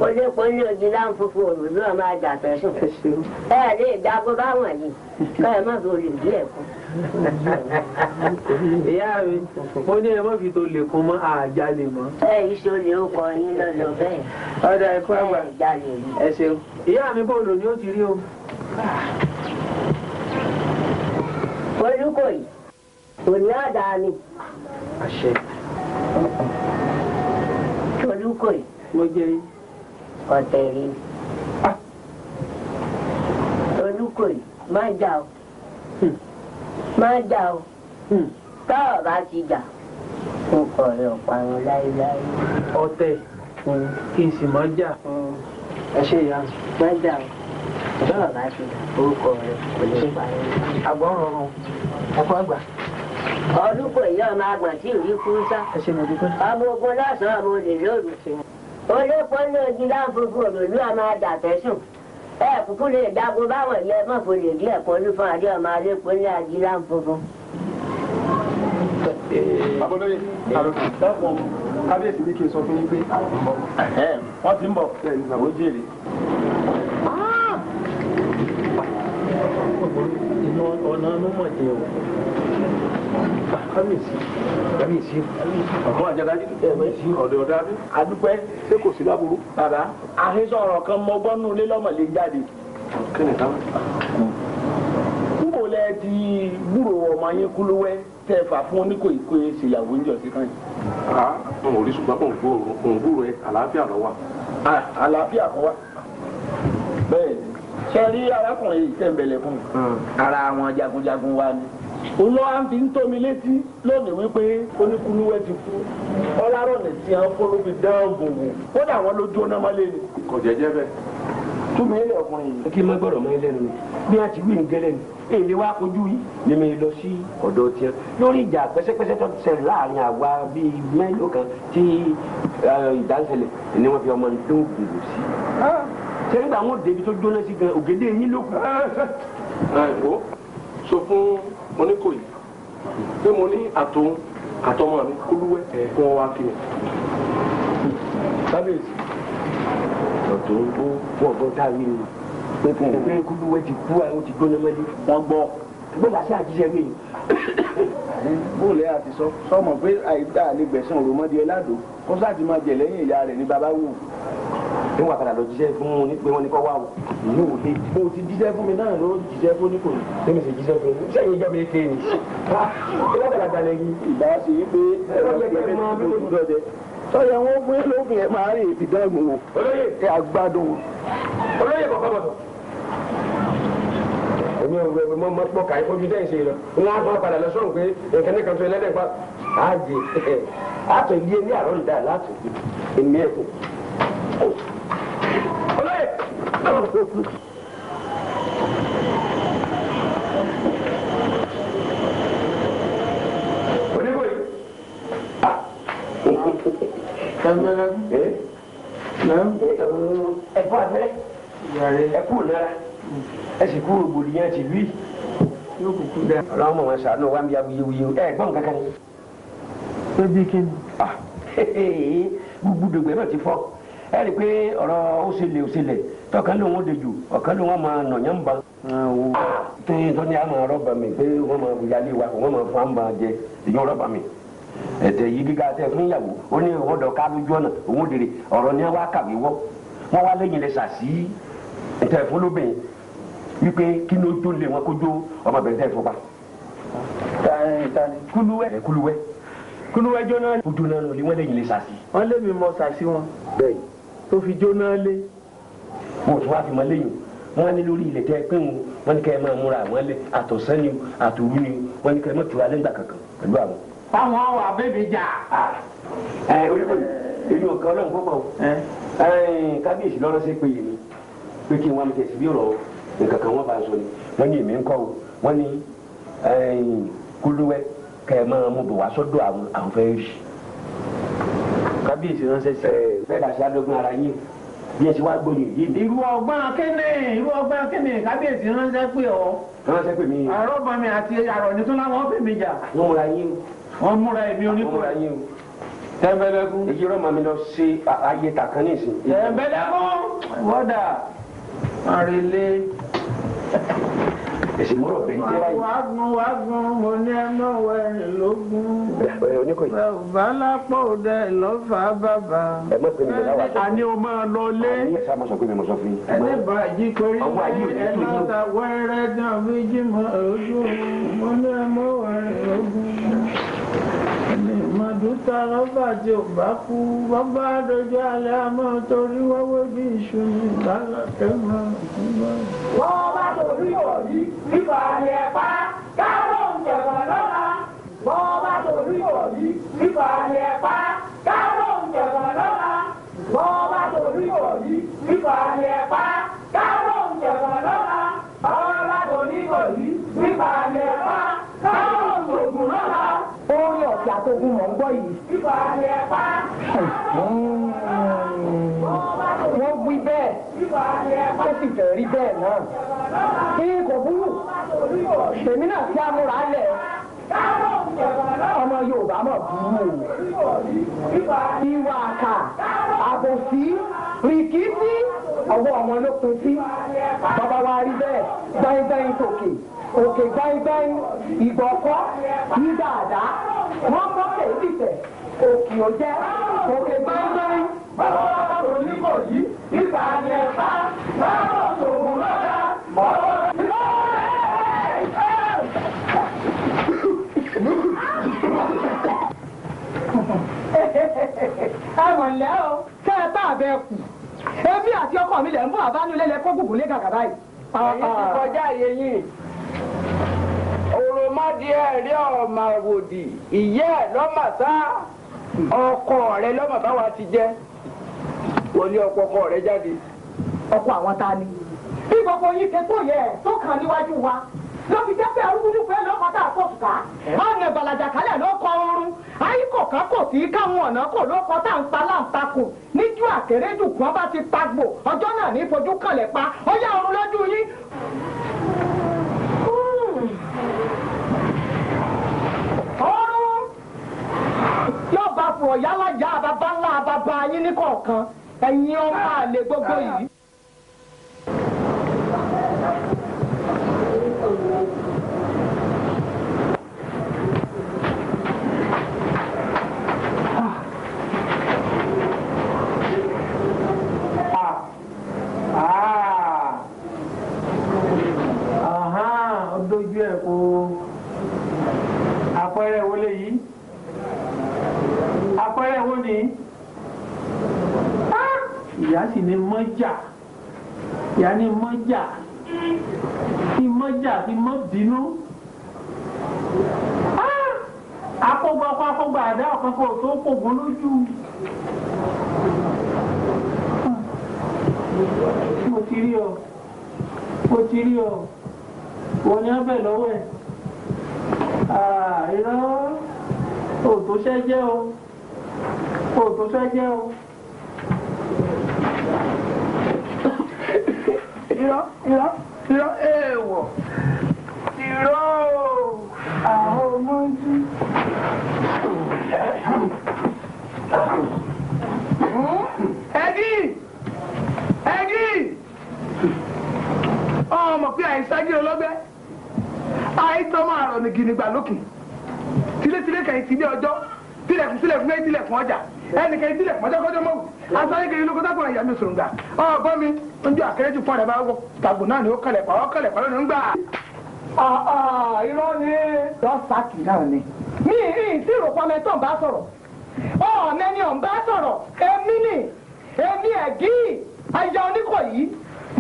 olóko ní ojú láǹfọ̀fọ̀ òrùn náà máa jà tẹ̀sán. ẹ lè dáko báwọn yìí ká ẹ má fi olè bí ẹ̀kọ́. ìyá mi mo ní ẹ má fi tó lè kún mọ́ àjálè mọ́. ẹ iṣẹ́ olè ó kọ yín lọ́lọ́ bẹ́ẹ̀. ọ̀dà ẹ̀kọ́ àgbà ẹ ìyá mi bọ́ọ̀lù ni ó ti rí o. Ah olùkọ́yì òní àdáni. àṣẹ. olùkọ́yì. mo jẹ́ yín. ọ̀tẹ̀rì. olùkọ́yì má jà o má jà o tá ọ̀ bá ti jà n kò rẹ̀ ọ̀parun láéláé. ọ̀tẹ̀ kí n sì má jà. ẹ ṣe ìyá. má jà o bẹ́ẹ̀ bá ti orúkọ rẹ kò ní í parí. àgbọ̀n rọrùn ọkọ àgbà. ọdún pọ̀ ìyá ọmọ àgbà tí ò rí kú sá. ẹ ṣe mọ̀ dúpẹ́. ọmọ ogun lọ́sàn-án ọmọ olè lóru. olóko ní ojú láǹfọ̀fọ̀ òròlú ọmọ àjà fẹ́sùn. ẹ kúkú lè dáko báwọn ilé ẹ̀mọ́ fò lè gbé ẹ̀kọ́ ní fún adé ọmọ alẹ́kọ̀ọ́ ní ají láǹfọ̀fọ̀. abọ́lóye àròkù kábíyèsí ní kí n sọ fún yín pé wọ́n ti ń bọ̀ ó jèrè. ọ̀nà ló mọ̀ jẹ́ o. kábíyèsí kábíyèsí ọmọ àjàgà kábíyèsí ọ̀dọ̀ ọ̀dà mi. adúpẹ́ ṣé kò sí láburú. bàbá àhesọ ọ̀rọ̀ kan mọ gbọ́nú ilé lọ́mọ̀lé jáde. kí ni táwọn. n kò lẹ ti gbúrò ọmọ yín kúlúwẹ́ tẹ fà fún oníkò ìkó ìṣèyàwó ń jọ sí kan yìí. a n ò rí ṣùgbọ́n òǹgbò rẹ àlàáfíà lọ wà. àlàáfíà kọ wa bẹ́ẹ̀ ni sẹ́rí arákùnrin yìí tẹ̀m̀bẹ̀lẹ̀ fún un hmm. ara àwọn jagunjagun wa ni olówó fi ń tómi létí lónìí wípé oníkulúwẹ́ ti kú ọlárọ̀nà tí a ń kó ló fi dán gbòòwò kódà wọn ló jóná mọ́lé ni. kò jẹ́jẹ́ bẹ́ẹ̀. túmọ̀ ilé ọkùnrin yìí. kí n má gbọ́dọ̀ mọ́ ilé nu bí a ti wí ngẹ́lẹ́ ni èlé wa kojú yìí ni mi lọ sí ọ̀dọ̀ tiẹ̀ lórí ìjà pẹ́sẹ́pẹ́sẹ́ tó ti ṣẹlẹ̀ láàrin àwa bíi mélòó kan tí eh, ìdánsẹ̀lẹ̀ ni wọ́n fi ọmọ tó gbèrò sí. Ah sẹ́gbà wọn débi tó jóná sí gan ògèdè yín ló kù. ẹ̀ẹ́dẹ̀gbọ́ sọ fún oníkòyí pé mo ní àtòun àtọmọ mi kúlúwẹ́ kí wọ́n wá kí mi. kábíyèsí ọ̀tún ó wọ̀ bọ́ dáwé ni pé kúlúwẹ́ ti kú àwọn ti gbóná mẹ́lẹ́. wọ́n bóòlù àti àjíṣẹ́ wí. bóòlù ẹ àti sọ sọmọ pé àìdá lè gbẹ̀sán òròmọdé ẹládò kó sáà ti máa jẹ lẹ́yìn ìyá rẹ̀ ní bàbá wù. ní wàá padà lọ jíṣẹ́ fún un pé wọ́n ní kọ́ wá o ìlú wò dé. mo ti jíṣẹ́ fún mi náà ló jíṣẹ́ fún ní kò ní. ṣé mi sì jíṣẹ́ fún un sẹ́yìn ìjọba èké ni. ìlọ́gbàlagbà lẹ́yìn. ìgbà ṣe yí pé ẹ̀rọ sọyà wọn fún yín ẹ máa rí ìdánwò olóyè àgbàdo olóyè kọkọ bọdọ ní ọgbẹ ọgbẹ mọ mọ kàí fojú dẹ́yìn ṣe lọ wọn á máa padà lọ sọ̀rọ̀ pé nǹkan ní kan tó ẹlẹ́dẹ̀ pa àjẹ àtọ̀ ilé ní àrọ́ ìdá láti èmi ẹ̀kọ́. olóyè onígbòyí. kàmẹ́rẹ́ ẹ̀ ẹ̀ ẹ̀fọ́ abẹ́rẹ́ ẹ̀kú náírà ẹ sì kú rògbòdìyàn ti wí yóò kúkú dẹ. ọlọ́run mọ̀ wọn sàánú wa ń bí awuyewuye ẹ gbọ́n kankan ni. ó bí kí ni. Ah, gbogbo dògbé náà ti fọ́ ẹ rí i pé ọ̀rọ̀ ó ṣẹlẹ̀ ó ṣẹlẹ̀ tọkàn lòun ó de jù ọ̀kan lòun á máa nọ̀yán ń ba. Ah, tóyìn tó ní a máa rọ́bà mi pé wọ́n máa bu yálé wa wọ́n máa fún àmà jẹ ìyó rọ́bà mi. ẹ̀tẹ̀ yìí gíga tẹ fún ìyàwó ó ní ìwọ́n dọ̀ ká lójú ọ̀nà òun dèrè ọ̀rọ̀ ni wọ́n á kàwé wọ́ wọ́n wá lẹ́yìn lẹ́sà sí ẹ̀tẹ̀ fún lóbìnrin wípé kí ló jó lé wọn kó jó ọmọbìnrin tẹ́ ẹ fọpa. kuluwẹ kuluwẹ kuluwẹ jóná lé. o jóná lọ ni wọn lè yin lè sàṣì. wọn lé mi mọ sàṣì wọn. bẹ́ẹ̀ tó fi jóná lé. wọn ò tún wá fi mọ léyìn wọn ní lórí ilẹ̀ tẹ́ ẹ pé wọn wọn ní kẹ́ ẹ máa múra àwọn lẹ àtọ̀sán ni àtòrú ni wọn ní kẹ́ ẹ tura lẹ́gbà kankan pẹ̀lú àwọn. fáwọn àwọn abébí jà. ẹ olùkọ́ èyí ò ọlọ́run kó pọ̀ o kábíyèsí lọ́rọ́ sí pé yèmí pé kí n wá mi tẹ̀sí bí ọ̀rọ̀ nǹkan kan wọ́n bá sọ ni wọ́n ní èmi ń kọ́ o wọ́n ní kúlúwẹ́ kẹ́ ẹ máa mú bọ̀ wá sọ́dọ̀ àwọn àwọn fẹ́ rí. kábíyèsí ránṣẹ́ sí. bẹ́ẹ̀ bá ṣe adógún ara yín bí ẹ ṣe wá gbòòyè yìí dé. irú ọgbọ́n akéde irú ọgbọ́n akéde kábíyèsí ránṣẹ́ pé ọ. ránṣẹ́ pé mi. àrọ́bọmi àti àrọ̀ni tó láwọn fẹ́ mi jà. wọ́n múra yín o. wọ́n múra èmi oníkùnrin. wọ́n múra yín o tẹ́ńbẹ́lẹ́kún. èyí rẹ̀ màmí lọ sí ayé tàkánìsì. tẹ́ńbẹ́lẹ́kún wọ́dà àrèlé èsì múrò pé ń tẹ́ báyìí. wàgùn wàgùn mo ní ẹmọ wẹ lógún. ẹ oníkò yìí. bàbá lápò dẹ lọ́fà bàbá. ẹ mọ̀ pé mi ìjọba wà sọ. àní o máa lọ lé. àní ẹ̀sà mo sọ pé mi mo sọ fún yín. ẹni bàjí torí ẹ lọ́ta wẹ́rẹ́ dán méjì mọ́ ojú mo ní ẹmọ wẹ lógún òkúta rọ́bà tí ò bá kú wọ́n bá dojú alẹ́ àmọ́ torí wọ́wọ́ bí iṣu ní ìbálòpẹ́ mọ́ ìgbìmọ̀. wọ́n bá torí òbí nípa alẹ́ pa káàró ìjẹ̀bọ̀ lọ́la. wọ́n bá torí òbí nípa alẹ́ pa káàró ìjẹ̀bọ̀ lọ́la. wọ́n bá torí òbí nípa alẹ́ pa káàró ìjẹ̀bọ̀ lọ́la nítorí nípa alẹ́ ẹ̀fá káwọn òògùn lọ́la. orin ọ̀sẹ̀ àtògùn mọ̀ ń gbọ́ yìí. nípa alẹ́ ẹ̀fá. wọ́n wí bẹ́ẹ̀ ó sì fẹ́ rí bẹ́ẹ̀ náà. kí kò burú tèmi náà ti á lẹ̀ ọmọ Yorùbá mọ̀ búrú o ìwà àkà àbòsí rìkítí ọwọ́ wọn ló pin sí bàbá wa rí bẹ́ẹ̀ gbáyìngbáyìn tòkè òkè gbáyìngbáyìn ìgbọ̀kọ́ ní dáadáa wọ́n mọ́kè ìdìtẹ̀ òkè ò jẹ́ òkè gbáyìngbáyìn bàbá wa kò ní kò ìgbà ni ẹ̀ka bàbá wa kò mú lọ́dà ọ̀rọ̀ ìlú. ẹ̀wọ̀nlẹ́ o tẹ́ ẹ bá àbẹ̀ kù èmi àti ọkọ mi lẹ̀ ń bọ̀ àbánulẹ̀lẹ̀ kó gùgùn lé kàkà báyìí. èyí ti kọjá àyè yìí òròmọdìẹ rí ọmọ àwòdì ìyẹ́ ẹ̀ lọ́mọ sá ọkọ rẹ lọ́mọ báwa ti jẹ́ wọ́n ní ọkọ ọkọ rẹ jáde. ọkọ àwọn ta ni bí gbogbo yín ṣe tó yẹ tó kàn níwájú wa ló fi jẹ́ pé arúgbó pé lọ́kọ̀tà àkọ́tùká ọ̀nà ìbàlàjà kálẹ̀ ló kọ oorun ayíkọ̀ká kò tí káwọn ọ̀nà kò lọ́kọ̀tà ń pa láǹtakò níjú àkérédù kan bá ti ọjọ́ náà ní fojú pa ó yá oorun lójú yín. Hmm. oorun yóò bá fún àbábá gbogbo yìí. yanni mọ́jà fi mọ́jà fi mọ́ bínú akógbó ah! ọkọ akógbó àdá ọ̀kankan tó kògùn lójú hmm. mo ti rí ọ mo ti rí ọ wọn ni wọn bẹ lọ́wọ́ ẹ ah, irọ́ òtúnṣẹ́ jẹ́ o òtúnṣẹ́ jẹ́ o. irọ́ irọ́ èèwọ̀ irọ́ àwọn ọmọdé. Hmm? ẹgí ẹgí ọmọ pé àìsájú ọlọ́gbẹ́ àìtọ́ máa rọ̀ nìgìnìgbà lókè tilétilé kẹ̀yìn tí ilé ọjọ́ tilẹ̀kùn tilẹ̀kùn méjì tilẹ̀kùn ọjà ẹnìkan ìdílẹ̀ mọ́jọ́kọ́jọ́ mọ́wù asáyé kiri lóko dákùnrin ìyá mi sùn gbà ọ̀bọ mi ojú àkéré ju fọ́ọ̀rẹ́ bá wọ tàgò náà ni ó kẹlẹ̀ pa ó kẹlẹ̀ pa lónìí ń gbà. irọ́ ni lọ́sàkì náà ni. mi ì rìn tí ìròpọ̀ mi tó ń bá sọ̀rọ̀ ọ̀ọ́mẹ́ ni ò ń bá sọ̀rọ̀ èmi ni èmi ẹ̀gí àyà Oníkòyí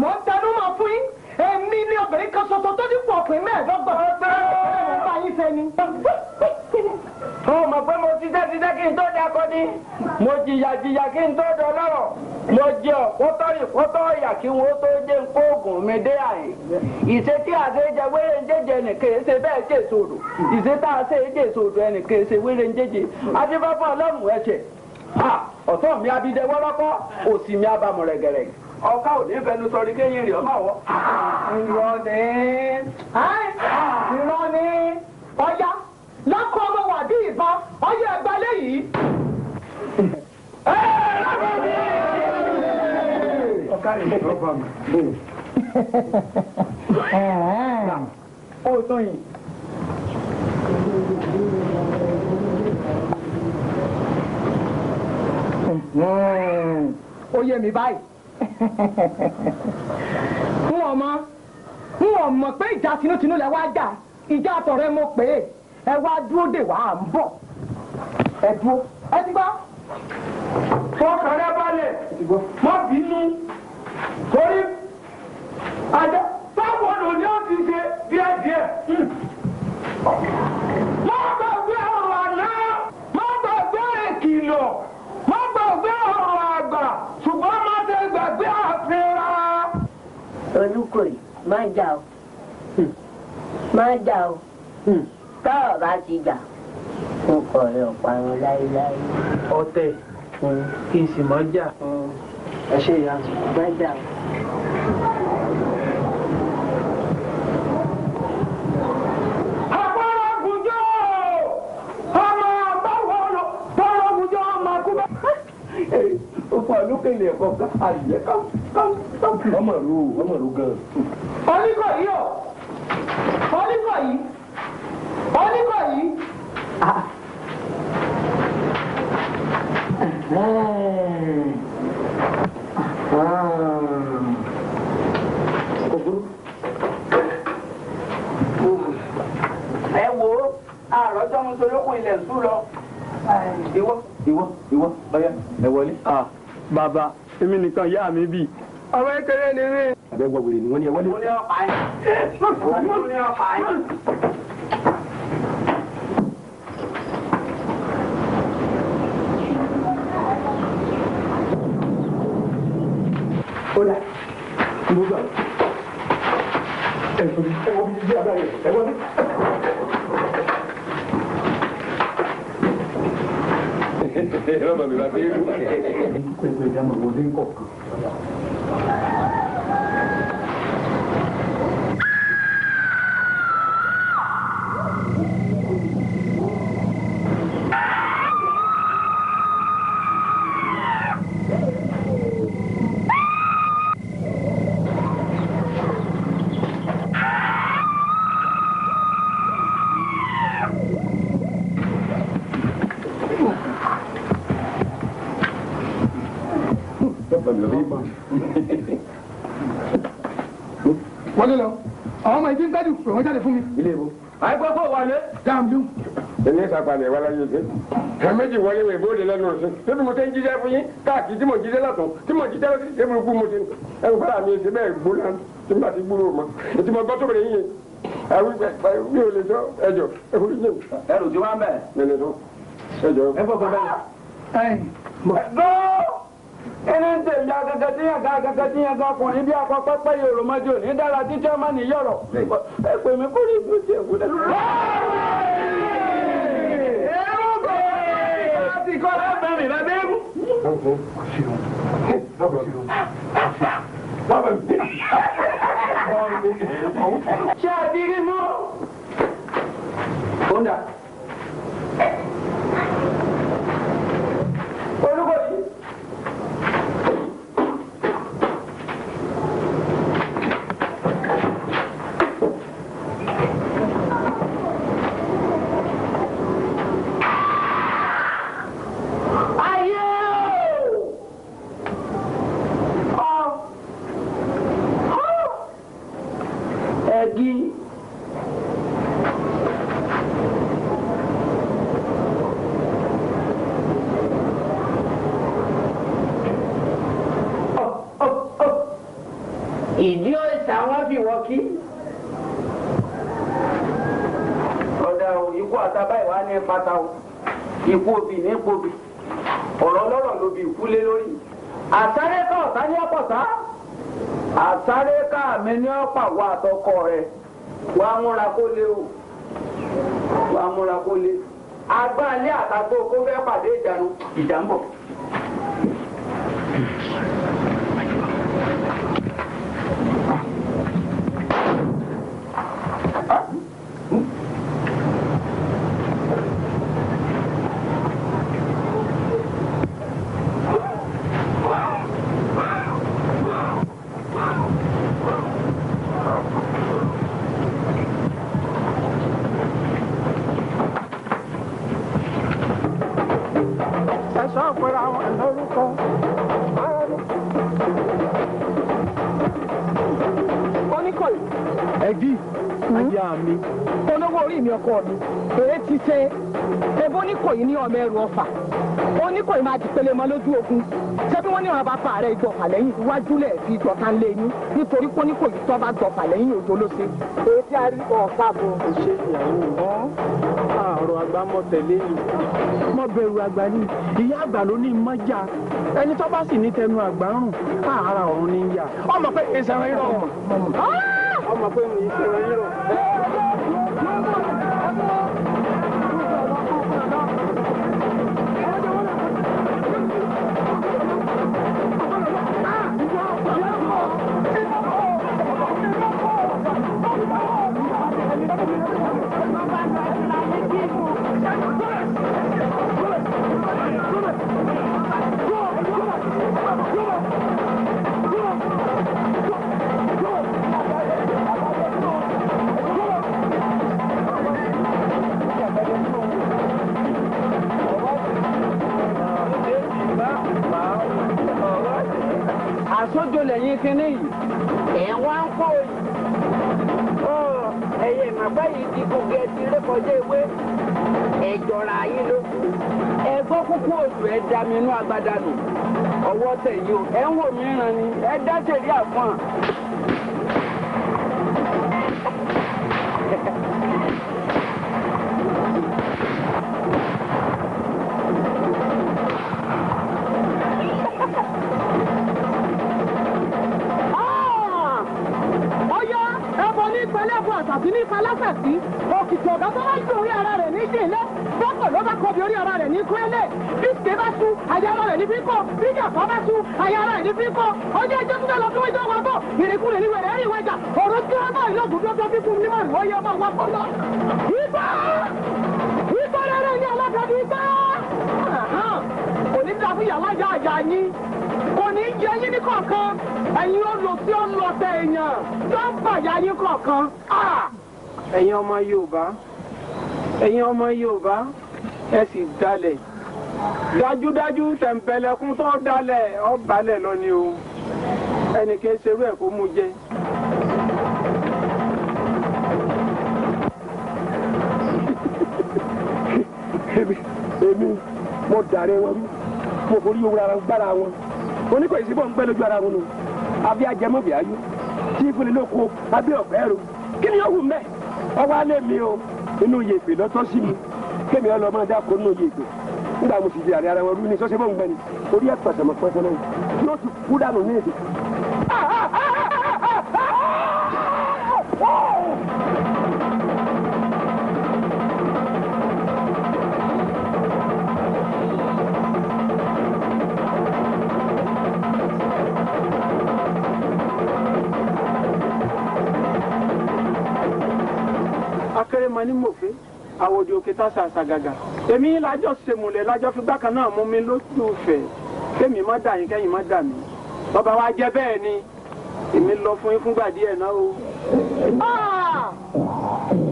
mò ń tẹnu mọ́ fún yín èmi ni obìnrin kan ṣoṣo tó dípò ọ̀pìn mẹ́ẹ̀ẹ́dọ́gbọ̀n mo mọ̀ pé mo ṣiṣẹ́ ṣiṣẹ́ kí n tó di akọni mo jìyà jìyà kí n tó di ọlọ́rọ̀ mo jẹ ọ̀pọ̀tọ́ ìpọ́tọ́ ìyà kí n tó dé Ise oògùn tí jẹ wéré ń jẹjẹ ṣe bẹ́ẹ̀ sòdò ìṣe a ṣe jẹ sòdò ẹnìkan ṣe wéré ń jẹjẹ adébáfọ́ ọlọ́run ẹ̀ṣẹ̀ ọ̀tọ̀ mi abidẹ wọ́rọ́kọ́ òsì mi abamọ̀ ò ní fẹnu kéyìn ọmọ lákọ ọmọ wà bí ìbọn ọyẹ ẹgbẹ lẹ́yìn. ó tán yìí. ó yé mi báyìí n ò mọ̀ n ò mọ̀ pé ìjà tinútinú lẹ wá jà ìjà àtọ̀rẹ́ mo pè é ẹ wá dúró dè wá à ń bọ̀ ẹ dúró ẹ ti gbọ́. fọkàn rẹ balẹ̀ má bínú torí àjẹ táwọn ọ̀nà ni ó ti ṣe díẹ̀díẹ̀. Hmm. má gbàgbé ọ̀rọ̀ àná má gbàgbé ìkìlọ̀ má gbàgbé ọ̀rọ̀ àgbà ṣùgbọ́n má ṣe gbàgbé àfihàn. olùkọ́yì má jà o má jà o. Hmm tá a bá ti gbà nǹkan rẹ ò parun láéláé. ọ̀tẹ̀ hmm. kí n sì mọ jà hmm. ẹ ṣe ìyá gbẹjà. ọmọ àlùkèlè ẹ̀kọ́ àyè ká ká ká. ọmọ ìlú ọmọ ìlú gan. oníkọ̀ yìí ọ̀ oníkọ̀ yìí. Oníkòyí. Ah. ẹ wo àròjọ́ ń solókun ilẹ̀ sùn lọ. ìwọ ìwọ ìwọ ọyá ẹ wọlé. Ah, bàbá èmi nìkan yá mi bì ọmọ ẹkẹrẹ ni mí. àbẹ̀wò wèrè ni wọ́n ní ẹ wọlé. mo ní ọ̀pá yẹn. mo ní ọ̀pá yẹn. 選ばぬラテール。gbẹ́dù pè wọ́n jáde fún mi. ilé ìbò. àìpẹ́ kó wà lé. dàmdú. èmi ń sàpàlẹ̀ wá láyé òsè. ẹ méjì wọlé wẹ̀ bóde lẹ́nu òsè. tóbi mo tẹ́ ń jíjẹ́ fún yín káàkiri tí mo jíjẹ́ lọ́tún tí mo jíjẹ́ lọ́tún tí mo kú mo ti ẹ ń fara mi ṣe bẹ́ẹ̀ gbóná tí mo bá ti gbúrò mọ́ ètò mo gbọ́ tó bẹ̀rẹ̀ yín mi ò lè sọ ẹjọ ẹkùn yín. ẹrù tí ẹ ẹni ń tèmi akẹkẹ tí yàn ká akẹkẹ tí yàn ká ọkùnrin bí akọkọ pẹ yòrò mọdì òní dára títí ọmọ nìyọrọ ẹ pè mí kó ní ìgbésí èkó lẹ. kọ́ lábẹ́rin lábẹ́ ẹ̀rú. ṣé a ti rí mú. ó dà. àtọkọ rẹ̀ wàá múra kó lé o wàá múra kó lé agbáńlé àtàgbò kó fẹ́ pàdé ìjànú ọkọ mi èé ti ṣe ebo oníkòyí ní ọmọ ẹrù ọfà oníkòyí máa di pele mọ lójú ogun ṣé bí wọ́n ní ọba pa ààrẹ ìjọba lẹ́yìn iwájú lẹ̀ fi ìjọba lé yín nítorí pé oníkòyí tó bá jọba lẹ́yìn òjò ló ṣe. èyí tí a rí ọ̀pá bọ̀ kò ṣe ìyàwó wọn àrùn ah, àgbà mọ tẹ̀lé yìí. mo bẹ̀rù àgbà ni ìyá àgbà ló ní mọ́jà ẹni tó bá sì ní tẹnu àgbà rùn káàárà ọ̀run ní yà. ọmọ pé èsì ẹran yìí rọ ọmọ. ọmọ pé èsì ẹran yìí rọ. kóòlù ẹ̀yẹ ìmàgbá yìí di gògé ti rékọjá ewé ẹ̀jọ̀ra yín ló kù ẹ̀gbọ́n kúkú òjò ẹ̀ dá mi inú agbádá nù ọwọ́ tẹ̀yìn o ẹ̀ ń wò mí ràn ni ẹ̀ dá tẹ̀lé àfọ̀n. ikú ẹlẹ́ bí tìké bá sùn àyà ara rẹ̀ ní fi kọ́ bí jàpá bá sùn àyà ara rẹ̀ ní fi kọ́ ọjọ́ ẹjọ́ tó lọ fún ẹjọ́ wọn bọ̀ ìrìnkú rẹ̀ níwẹ̀rẹ̀ ẹ̀rì wẹ̀jà ọ̀rọ̀ tí wọ́n bá ìlú ògùn tó tọ́ fífún ní màrún ọyẹ ọmọ wa kọ́ lọ. ibà ibà rẹ̀ ní alágbàdo ibà kò ní dàbí yàrá yá àyà yín kò ní yẹ yín ní kọ̀ọ̀kan ẹ̀yin ó lò sí ọlọ́tẹ̀ èèyàn tó ń bàyà yín kọ̀ọ̀kan. Ah! ẹ̀yin ọmọ Yorùbá ẹ̀yin ọmọ Yorùbá ẹ sì dalẹ̀ dájúdájú tẹ̀m̀pẹ̀lẹ̀kún tó dalẹ̀ ọ balẹ̀ lọ ni o ẹnìkan ṣerú ẹ̀ kó mú jẹ. èmi mo dàrẹ wọn mo forí owó ara gbára wọn oníkòyí sí bọ́ọ̀ ń pẹ́ lójú ara wọn o àbí ajẹmọ́bì ayú tí ìfúnni lóko abẹ́ ọ̀gbẹ́rù kí ni yóò wù mẹ́ ọwọ́ alẹ́ mi o inú yèpè lọ́tọ́ sí mi kémi ọ lọ máa dáko nínú yìí gbé nígbà mo sì di àrẹ ara wọn rú ni sọ́sẹ́ mọ́ ń gbẹ́ni orí ẹ̀ pẹ̀sẹ̀mọ̀ pẹ̀sẹ̀ náà yóò ti kú dànù ní èdè àwòdì òkè tásà àṣàgàgà èmi lájọ sèmùlẹ̀ lájọ fi gbákan náà mú mi lójúfẹ̀ kémi má dà yín kẹ́yìn má dà mí bàbá wa jẹ́ bẹ́ẹ̀ ni èmi lọ fún yín fúngbà díẹ̀ náà o.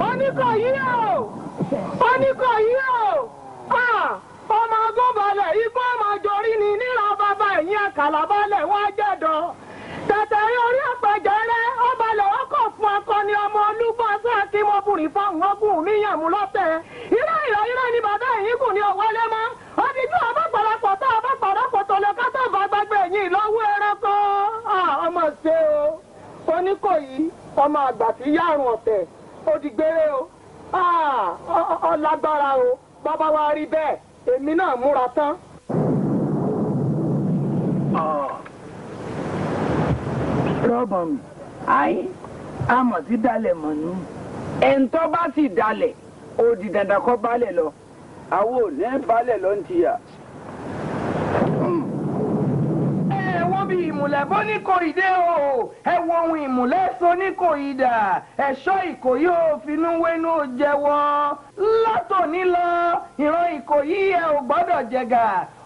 oníkọ̀ yìí o oníkọ̀ yìí o ọmọ agbóbalẹ̀ igbó ọmọ àjọrí ni nílà bàbá ẹ̀yìn àkàlà balẹ̀ wọ́n á jẹ́ dán. tàtàrí orí àpàjọ rẹ ọba lọ́wọ́ fún akọni ọmọ olúbọ sáàkì mọ́kùnrin fáwọn ọkùnrin níyàn mú lọ́tẹ̀. irọ́ ìrọ̀ irọ́ ni bàbá ẹ̀yìn kù ní ọ̀wọ́lé mọ́. ó ti tún ọbàpàràpọ̀ tó tó lọ ká tó bá gbàgbé ẹranko. ọmọ ṣe o ọmọ àgbà ọ̀tẹ̀ o bàbá wa rí bẹ́ẹ̀ èmi náà múra tán sọ́ọ̀bọ̀n mi ayé amọ̀ sí dalẹ̀ mọ̀ nù. ẹ̀ńtọ́ bá sì dalẹ̀ ó di dandan kọ́ balẹ̀ lọ. àwọn ò ní balẹ̀ lọ ń tiyà. Hmm. ẹ wo bí ìmùlẹ̀ bó ní kò ìdé o ẹ wo ohun ìmùlẹ̀ so ní kò ìdà ẹ̀ṣọ́ ìkòyí ò finú wénú jẹ́wọ́ látòní lọ ìran ìkòyí ẹ ò gbọ́dọ̀ jẹ̀gà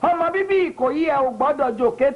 ọmọ bíbí ìkòyí ẹ ò gbọ́dọ̀ jòkè.